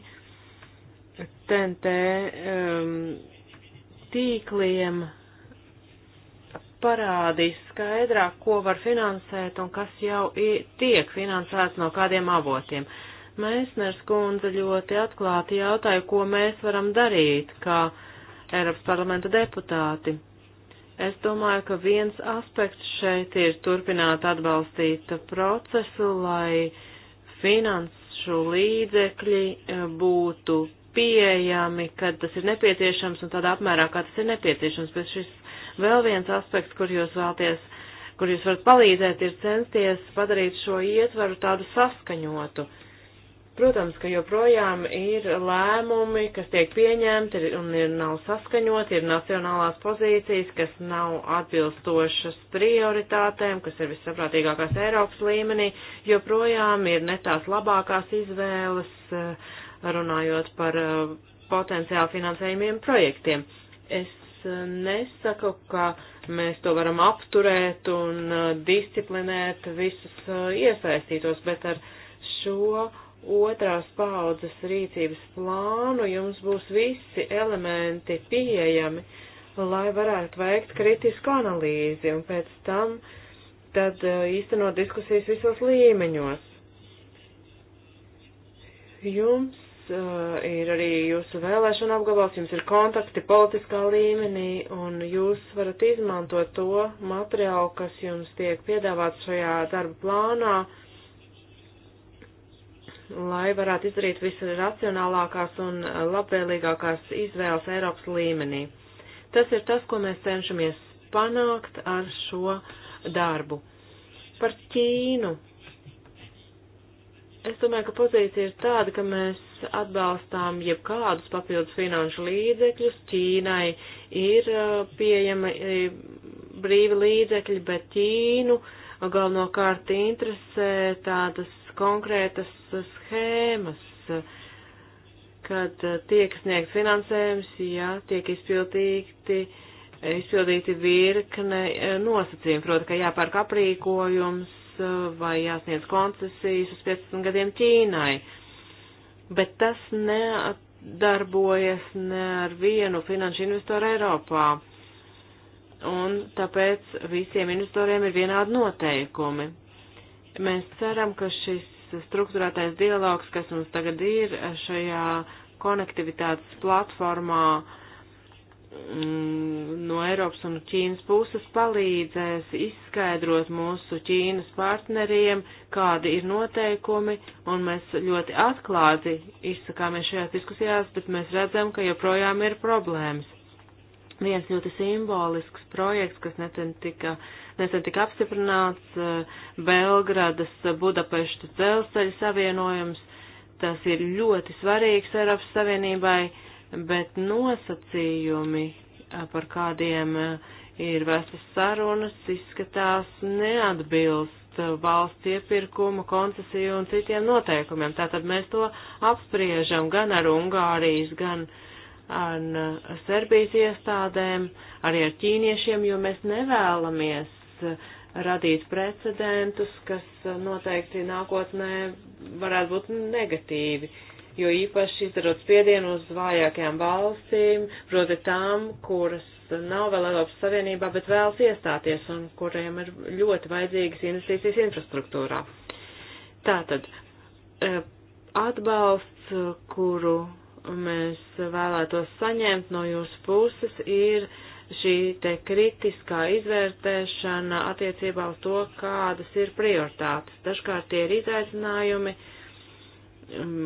TNT um, tīkliem parādīs skaidrāk, ko var finansēt un kas jau tiek finansēts no kādiem avotiem. Mēsners kundze ļoti atklāti jautāja, ko mēs varam darīt, kā uh, Eiropas parlamenta deputāti. Es domāju, ka viens aspekts šeit ir turpināt atbalstīt procesu, lai finanšu līdzekļi eh, būtu pieejami, kad tas ir nepieciešams un tādā apmērā, kā tas ir nepieciešams. Bet šis vēl viens aspekts, kur jūs vēlties, kur jūs varat palīdzēt, ir censties padarīt šo ietvaru tādu saskaņotu. Uh, Protams, ka joprojām ir lēmumi, kas tiek pieņemti un ir nav saskaņoti, ir nacionālās pozīcijas, kas nav atbilstošas prioritātēm, kas ir vissaprātīgākās Eiropas līmenī, joprojām ir ne tās labākās izvēles, eh, runājot par eh, potenciāli finansējumiem projektiem. Es eh, nesaku, ka mēs to varam apturēt un disciplinēt visus iesaistītos, bet ar šo otrās paudzes rīcības plānu, jums būs visi elementi pieejami, lai varētu veikt kritisku analīzi un pēc tam tad eh, īstenot diskusijas visos līmeņos. Jums uh, ir arī jūsu vēlēšana apgabals, jums ir kontakti politiskā līmenī, un jūs varat izmantot to materiālu, kas jums tiek piedāvāts šajā darba plānā, uh, lai varētu izdarīt visracionālākās un labvēlīgākās izvēles Eiropas līmenī. Tas ir tas, ko mēs cenšamies panākt ar šo darbu. Par Ķīnu. Es domāju, ka pozīcija ir tāda, ka mēs atbalstām jebkādus papildus finanšu līdzekļus. Ķīnai ir uh, pieejama uh, brīvi līdzekļi, bet Ķīnu galvenokārt interesē tādas konkrētas uh, schēmas, uh, kad uh, tiek sniegt finansējums, ja tiek izpildīti, izpildīti virkne nosacījumi, proti, ka jāpērk aprīkojums vai jāsniedz koncesijas uz 15 gadiem Ķīnai. Bet tas nedarbojas ne ar vienu finanšu investoru Eiropā un tāpēc visiem investoriem ir vienādi noteikumi. Mēs ceram, ka šis struktūrētais dialogs, kas mums tagad ir šajā konektivitātes platformā mm, no Eiropas un Ķīnas puses, palīdzēs izskaidrot mūsu Ķīnas partneriem, kādi ir noteikumi, un mēs ļoti atklāti izsakāmies šajās diskusijās, bet mēs redzam, ka joprojām ir problēmas. Viens ļoti simbolisks projekts, kas neten tika uh, nesen tika apstiprināts eh, Belgradas eh, Budapeštu dzelzceļa savienojums. Tas ir ļoti svarīgs Eiropas Savienībai, bet nosacījumi, eh, par kādiem ir vestas sarunas, izskatās neatbilst valsts iepirkuma, koncesiju un citiem noteikumiem. Tātad mēs to apspriežam gan ar Ungārijas, gan ar ar Serbijas iestādēm, arī ar ķīniešiem, jo mēs nevēlamies radīt precedentus, kas noteikti nākotnē varētu būt negatīvi, jo īpaši izdarot spiedienu uz vājākajām valstīm, proti tām, kuras nav vēl Eiropas Savienībā, bet vēlas iestāties un kuriem ir ļoti vajadzīgas investīcijas infrastruktūrā. Tātad, e, atbalsts, kuru mēs vēlētos saņemt no jūsu puses, ir uh, šī te kritiskā izvērtēšana attiecībā uz to, kādas ir prioritātes. Dažkārt tie ir izaicinājumi.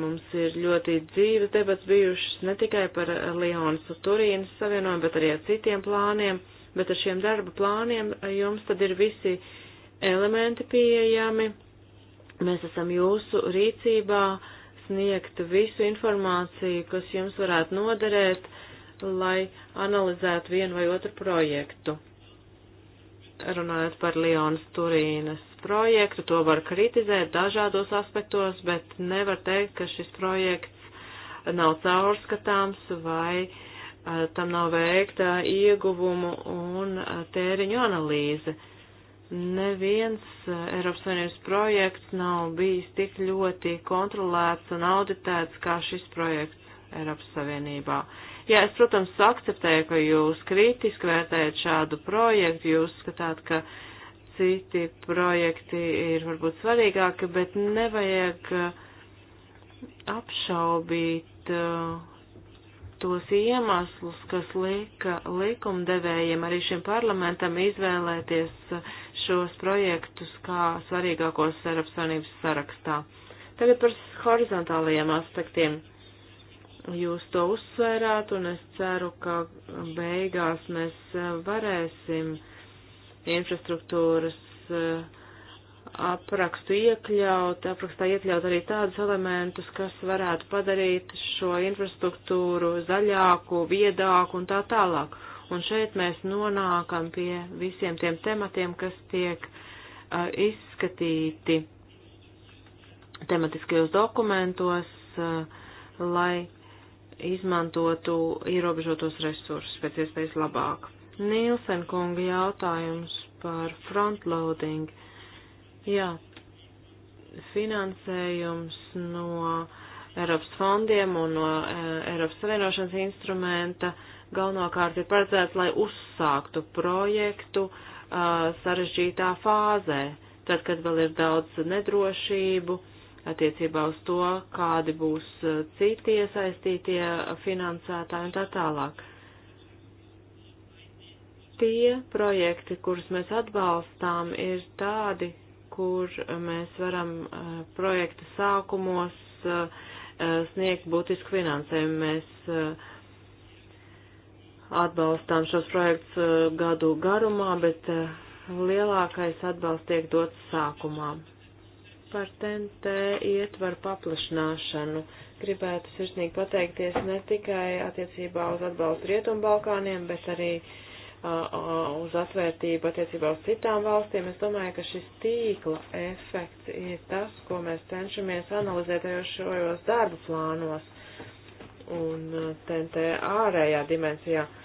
Mums ir ļoti dzīves debats bijušas ne tikai par Lionas un Turīnas savienojumu, bet arī ar citiem plāniem. Bet ar šiem darba plāniem jums tad ir visi elementi pieejami. Mēs esam jūsu rīcībā sniegt visu informāciju, kas jums varētu noderēt lai analizētu vienu vai otru projektu. Runājot par Lionas Turīnas projektu, to var kritizēt dažādos aspektos, bet nevar teikt, ka šis projekts nav caurskatāms vai tam nav veikta ieguvumu un tēriņu analīze. Neviens Eiropas Savienības projekts nav bijis tik ļoti kontrolēts un auditēts kā šis projekts Eiropas Savienībā. Uh, Jā, es, protams, akceptēju, ka jūs kritiski vērtējat šādu projektu, jūs skatāt, ka citi projekti ir varbūt svarīgāki, bet nevajag uh, apšaubīt uh, tos iemeslus, kas lika likumdevējiem arī šim parlamentam izvēlēties uh, šos projektus kā svarīgākos Eiropas Savienības sarakstā. Tagad par horizontālajiem aspektiem. Jūs to uzsvērāt, un es ceru, ka beigās mēs eh, varēsim infrastruktūras eh, aprakstu iekļaut, aprakstā iekļaut arī tādus elementus, kas varētu padarīt šo infrastruktūru zaļāku, viedāku un tā tālāk. Un šeit mēs nonākam pie visiem tiem tematiem, kas tiek uh, izskatīti tematiskajos dokumentos, uh, lai izmantotu ierobežotos resursus pēc iespējas labāk. Nīlsen kunga jautājums par frontloading. Jā, finansējums no Eiropas fondiem un no eh, Eiropas Savienošanas instrumenta galvenokārt ir paredzēts, lai uzsāktu projektu uh, sarežģītā fāzē, tad, kad vēl ir daudz nedrošību attiecībā uz to, kādi būs eh, citi iesaistītie finansētāji un tā tālāk. Tie projekti, kurus mēs atbalstām, ir tādi, kur mēs varam eh, projekta sākumos eh, sniegt būtisku finansējumu. Mēs atbalstām šos projektus gadu garumā, bet lielākais atbalsts tiek dots sākumā par TNT ietvaru paplašināšanu. Gribētu sirsnīgi pateikties ne tikai attiecībā uz atbalstu Rietumbalkāniem, bet arī uh, uz atvērtību attiecībā uz citām valstīm. Es domāju, ka šis tīkla efekts ir tas, ko mēs cenšamies analizēt jau šajos darba plānos un TNT ārējā dimensijā. Uh,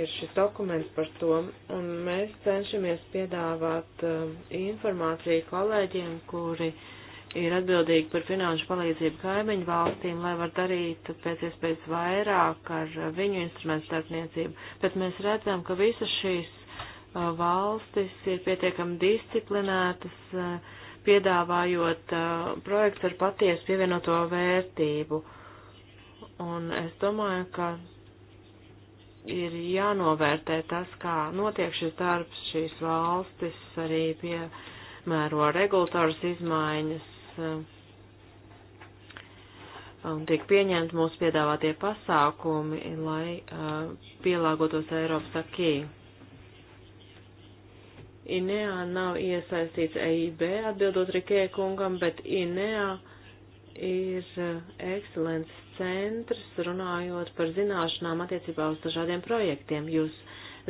ir šis dokuments par to, un mēs cenšamies piedāvāt uh, informāciju kolēģiem, kuri ir atbildīgi par finanšu palīdzību kaimiņu valstīm, lai var darīt pēc iespējas vairāk ar uh, viņu instrumentu starpniecību. Bet mēs redzam, ka visas šīs uh, valstis ir pietiekami disciplinētas, uh, piedāvājot uh, projekts ar patiesu pievienoto vērtību. Un es domāju, ka ir jānovērtē tas, kā notiek šis darbs, šīs valstis arī piemēro regulatoras izmaiņas eh, un tiek pieņemti mūsu piedāvātie pasākumi, lai eh, pielāgotos Eiropas akī. INEA nav iesaistīts EIB, atbildot Rikē kungam, bet INEA ir eh, ekscelences centrs runājot par zināšanām attiecībā uz dažādiem projektiem. Jūs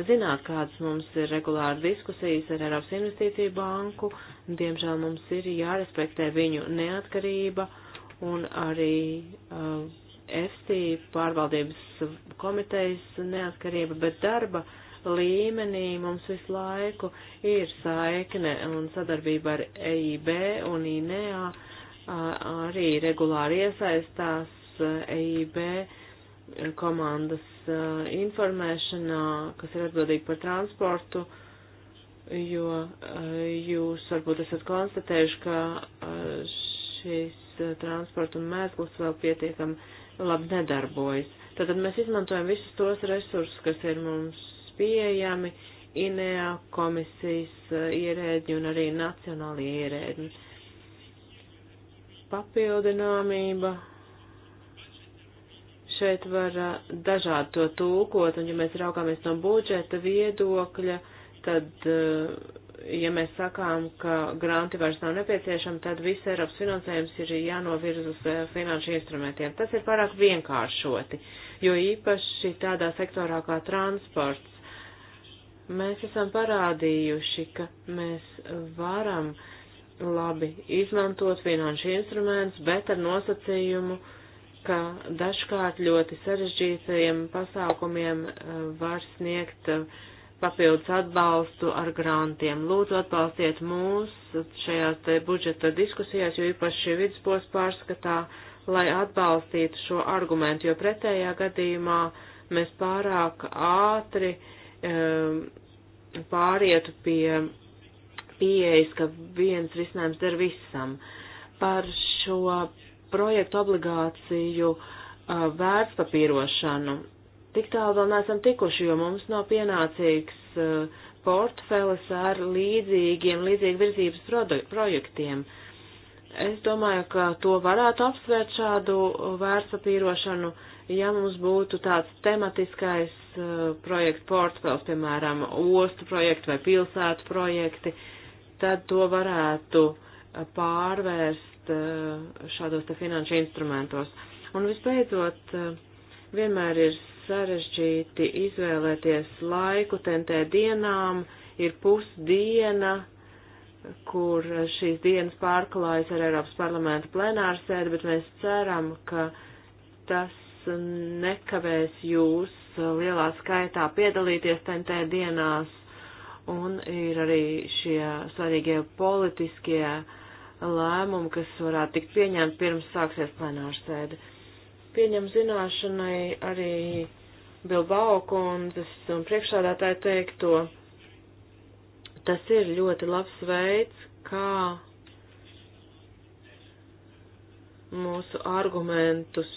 zināt, kādas mums ir regulāri diskusijas ar Eiropas investīciju banku, un diemžēl mums ir jārespektē viņu neatkarība un arī uh, eh, FT pārvaldības komitejas neatkarība, bet darba līmenī mums visu laiku ir saikne un sadarbība ar EIB un INEA. Uh, arī regulāri iesaistās EIB komandas informēšanā, kas ir atbildīgi par transportu, jo jūs varbūt esat konstatējuši, ka šis transporta un mēslis vēl pietiekami labi nedarbojas. Tātad mēs izmantojam visus tos resursus, kas ir mums pieejami, INEA komisijas ierēģi un arī nacionālie ierēģi papildināmība. Šeit var dažādi to tūkot, un ja mēs raugāmies no budžeta viedokļa, tad, ja mēs sakām, ka granti vairs nav nepieciešami, tad viss Eiropas finansējums ir jānovirz uz finanšu instrumentiem. Tas ir pārāk vienkāršoti, jo īpaši tādā sektorā kā transports mēs esam parādījuši, ka mēs varam uh, labi izmantot finanšu instrumentus, bet ar nosacījumu, ka dažkārt ļoti sarežģītajiem pasākumiem eh, var sniegt eh, papildus atbalstu ar grantiem. Lūdzu, atbalstiet mūs šajās te budžeta diskusijās, jo īpaši vidusposms pārskatā, lai atbalstītu šo argumentu, jo pretējā gadījumā mēs pārāk ātri um, pārietu pie pieejas, ka viens risinājums der visam. Par šo projektu obligāciju uh, vērtspapīrošanu tik tālu vēl neesam tikuši, jo mums nav pienācīgs uh, portfeles ar līdzīgiem, līdzīgi virzības projektiem. Es domāju, ka to varētu apsvērt šādu vērtspapīrošanu, ja mums būtu tāds tematiskais uh, projektu portfels, piemēram, ostu projekti vai pilsētu projekti. Uh, tad to varētu pārvērst eh, šādos te finanšu instrumentos. Un visbeidzot, eh, vienmēr ir sarežģīti izvēlēties laiku tentē dienām, ir pusdiena, kur šīs dienas pārklājas ar Eiropas parlamenta plenāru sēdi, bet mēs ceram, ka tas nekavēs jūs lielā skaitā piedalīties tentē dienās un ir arī šie svarīgie politiskie lēmumi, kas varētu tikt pieņemti pirms sāksies plenāra sēde. Pieņem zināšanai arī Bilbao kundzes un priekšādātāju teikto. Tas ir ļoti labs veids, kā mūsu argumentus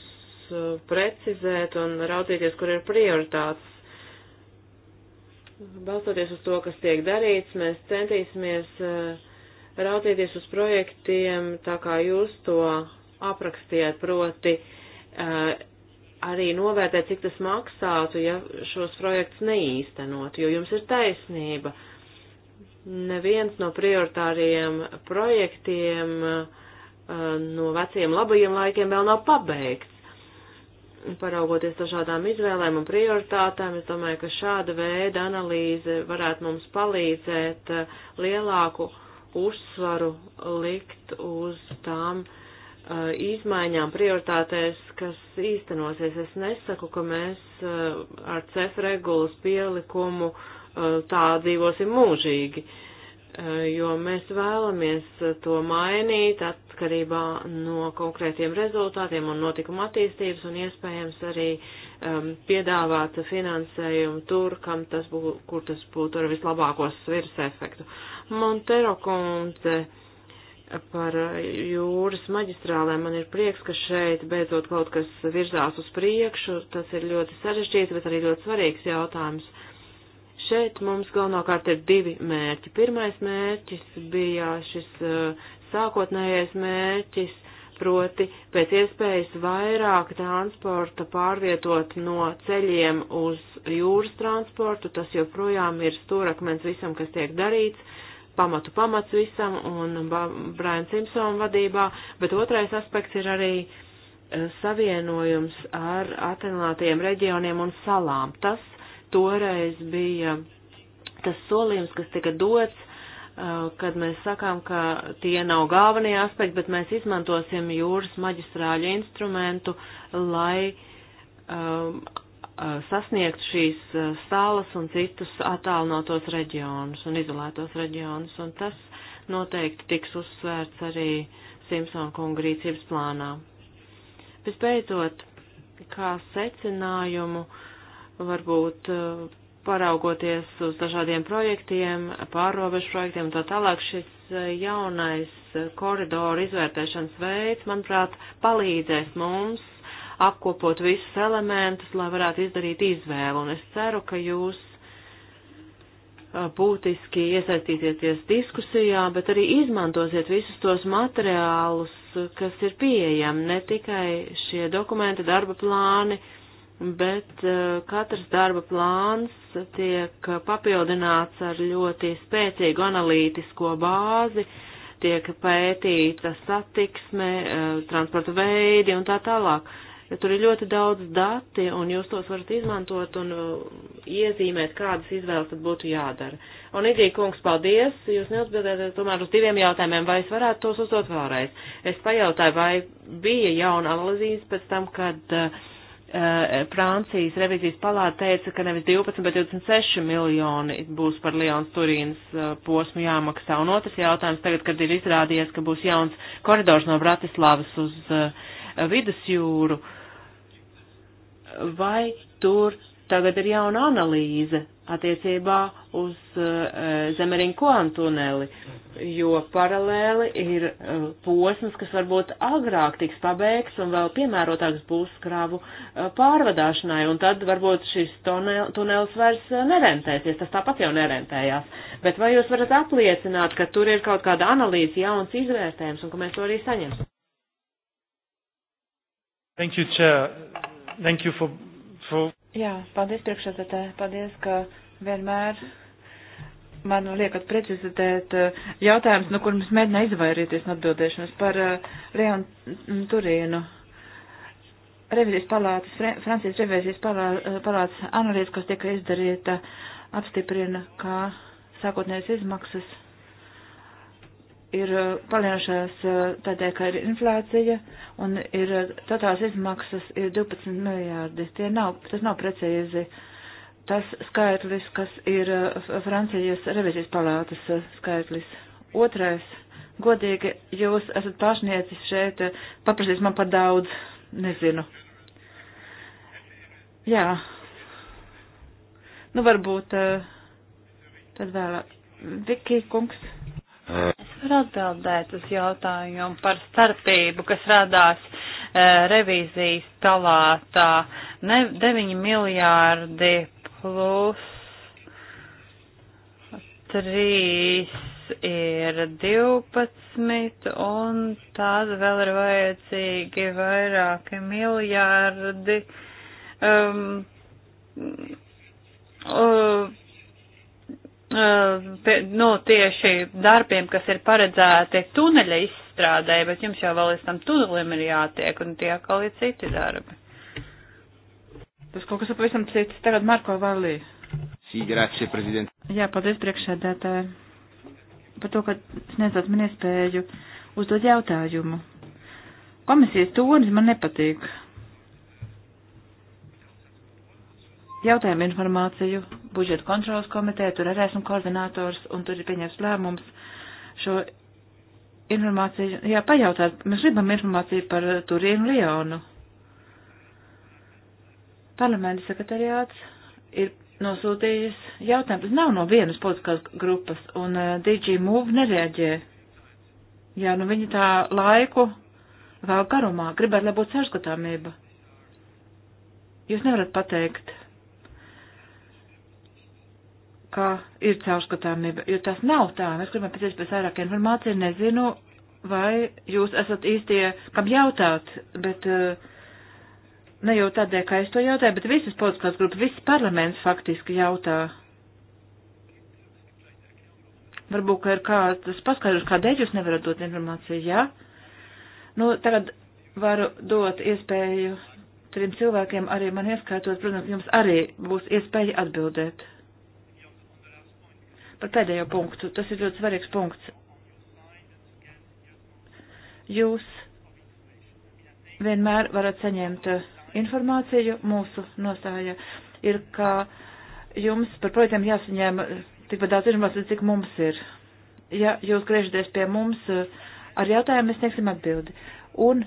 uh, precizēt un raudzīties, kur ir prioritātes Balstoties uz to, kas tiek darīts, mēs centīsimies eh, raudzīties uz projektiem tā kā jūs to aprakstījāt, proti eh, arī novērtēt, cik tas maksātu, ja šos projektus neīstenot, jo jums ir taisnība. Neviens no prioritāriem projektiem eh, no veciem labajiem laikiem vēl nav pabeigts paraugoties dažādām izvēlēm un prioritātēm, es domāju, ka šāda veida analīze varētu mums palīdzēt eh, lielāku uzsvaru likt uz tām uh, izmaiņām prioritātēs, kas īstenosies. Es nesaku, ka mēs uh, ar CEF regulas pielikumu uh, tā dzīvosim mūžīgi. Uh, Eh, jo mēs vēlamies eh, to mainīt atkarībā no konkrētiem rezultātiem un notikuma attīstības un iespējams arī um, piedāvāt finansējumu tur, kam tas būtu, kur tas būtu ar vislabākos svirs efektu. Montero kundze eh, par jūras maģistrālēm man ir prieks, ka šeit beidzot kaut kas virzās uz priekšu, tas ir ļoti sarežģīts, bet arī ļoti svarīgs jautājums. Uh, Šeit mums galvenokārt ir divi mērķi. Pirmais mērķis bija šis uh, sākotnējais mērķis, proti pēc iespējas vairāk transporta pārvietot no ceļiem uz jūras transportu. Tas joprojām ir stūrakmens visam, kas tiek darīts, pamatu pamats visam un Brian Simpsona vadībā, bet otrais aspekts ir arī uh, savienojums ar atrenātajiem reģioniem un salām. Tas toreiz bija tas solījums, kas tika dots, uh, kad mēs sakām, ka tie nav galvenie aspekti, bet mēs izmantosim jūras maģistrāļu instrumentu, lai um, uh, sasniegtu šīs uh, salas un citus attālinotos reģionus un izolētos reģionus, un tas noteikti tiks uzsvērts arī Simpsona kunga rīcības plānā. Visbeidzot, kā secinājumu, uh, varbūt eh, paraugoties uz dažādiem projektiem, pārrobežu projektiem un tā tālāk, šis eh, jaunais eh, koridoru izvērtēšanas veids, manuprāt, palīdzēs mums apkopot visus elementus, lai varētu izdarīt izvēlu. Un es ceru, ka jūs būtiski iesaistīsieties diskusijā, bet arī izmantosiet visus tos materiālus, kas ir pieejami, ne tikai šie dokumenti, darba plāni, uh, bet uh, katrs darba plāns tiek papildināts ar ļoti spēcīgu analītisko bāzi, tiek pētīta satiksme, uh, transporta veidi un tā tālāk. Tur ir ļoti daudz dati, un jūs tos varat izmantot un uh, iezīmēt, kādas izvēles tad būtu jādara. Un, Idī, kungs, paldies! Jūs neatbildējat tomēr uz diviem jautājumiem, vai es varētu tos uzdot vēlreiz. Es pajautāju, vai bija jauna analīze pēc tam, kad uh, Eh, Francijas revizijas palāta teica, ka nevis 12, bet 26 miljoni būs par Lions Turīnas eh, posmu jāmaksā. Un otrs jautājums tagad, kad ir izrādījies, ka būs jauns koridors no Bratislavas uz eh, vidusjūru, vai tur tagad ir jauna analīze attiecībā uz uh, eh, Zemerinu Koan tuneli, jo paralēli ir uh, posms, kas varbūt agrāk tiks pabeigts un vēl piemērotāks būs skrāvu uh, pārvadāšanai, un tad varbūt šis tunel, tunelis vairs uh, nerentēsies, tas tāpat jau nerentējās. Bet vai jūs varat apliecināt, ka tur ir kaut kāda analīze, jauns izvērtējums, un ka mēs to arī saņemsim? Thank you, Chair. Thank you for, for Jā, paldies priekšsēdētē. Paldies, ka vienmēr man liekat precizitēt eh, jautājums, no kur mums mēģina izvairīties no atbildēšanas par Leonu eh, mm, Turīnu. Revizijas palātas, Francijas revizijas eh, palātas analīze, kas tika izdarīta, apstiprina, ka sākotnējas izmaksas ir uh, palielinājušās uh, tādēļ, ka ir inflācija un ir uh, totāls izmaksas ir 12 miljārdi. Tie nav, tas nav precīzi tas skaitlis, kas ir Francijas revizijas palātas skaitlis. Otrais, godīgi, jūs esat pašniecis šeit, paprasīs man par daudz, nezinu. Jā. Nu, varbūt tad vēlāk. Viki kungs. Es varu atbildēt uz jautājumu par starpību, kas radās e, revīzijas palātā. Ne, 9 miljārdi plus 3 ir 12 un tad vēl ir vajadzīgi vairāki miljārdi. Um, uh, pie, nu, tieši darbiem, kas ir paredzēti tuneļa izstrādē, bet jums jau vēl līdz tam tunelim ir jātiek, un tie atkal ir citi darbi. Tas kaut kas ir pavisam cits. Tagad Marko Valī. Sī, grācie, prezident. Jā, paldies priekšsēdētāji par to, ka sniedzat man iespēju uzdot jautājumu. Komisijas tonis man nepatīk. jautājumu informāciju budžeta kontrolas komitē, tur arī esmu koordinators un tur ir pieņems lēmums šo informāciju, jā, pajautāt, mēs gribam informāciju par Turīnu Lionu. Parlamenta sekretariāts ir nosūtījis jautājumu, tas nav no vienas politiskās grupas, un uh, eh, DG Move nereaģē. Jā, nu viņi tā laiku vēl garumā, gribētu, lai būtu sešgatāmība. Jūs nevarat pateikt ka ir caurskatāmība, jo tas nav tā. Mēs gribam pēc iespējas vairāk informāciju, nezinu, vai jūs esat īstie, kam jautāt, bet eh, ne jau tādēļ, ka es to jautāju, bet visas politiskās grupas, viss parlaments faktiski jautā. Varbūt, ka ir kāds paskaidrs, kādēļ jūs nevarat dot informāciju, jā? Ja? Nu, tagad varu dot iespēju trim cilvēkiem, arī man ieskaitot, protams, jums arī būs iespēja atbildēt par pēdējo punktu. Tas ir ļoti svarīgs punkts. Jūs vienmēr varat saņemt eh, informāciju. Mūsu nostāja ir, ka jums par projektiem jāsaņem eh, tikpat daudz informācijas, cik mums ir. Ja jūs griežaties pie mums eh, ar jautājumu, mēs sniegsim atbildi. Un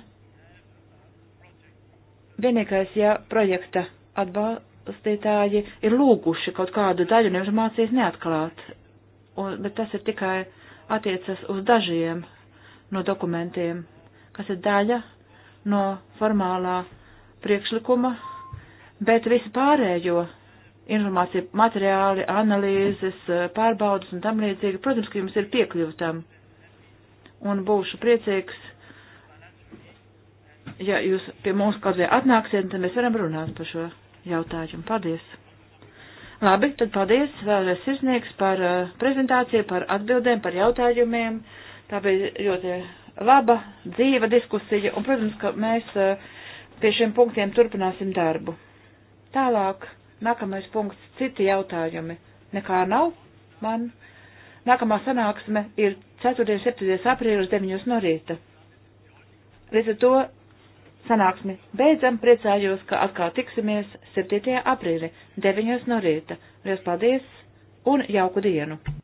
vienīgais, ja projekta atbalstītāji ir lūguši kaut kādu daļu informācijas neatklāt un, bet tas ir tikai attiecas uz dažiem no dokumentiem, kas ir daļa no formālā priekšlikuma, bet visu pārējo informāciju, materiāli, analīzes, pārbaudas un tam līdzīgi, protams, ka jums ir piekļūtam. Un būšu priecīgs, ja jūs pie mums kaut vai atnāksiet, tad mēs varam runāt par šo jautājumu. Paldies! Labi, tad paldies vēlreiz sirsnieks par eh, prezentāciju, par atbildēm, par jautājumiem. Tā bija ļoti laba, dzīva diskusija, un, protams, ka mēs eh, pie šiem punktiem turpināsim darbu. Tālāk, nākamais punkts, citi jautājumi. Nekā nav man. Nākamā sanāksme ir 4. un 7. aprīlis 9. no rīta. Līdz ar to sanāksmi beidzam, priecājos, ka atkal tiksimies 7. aprīli 9. no rīta. Liels paldies un jauku dienu!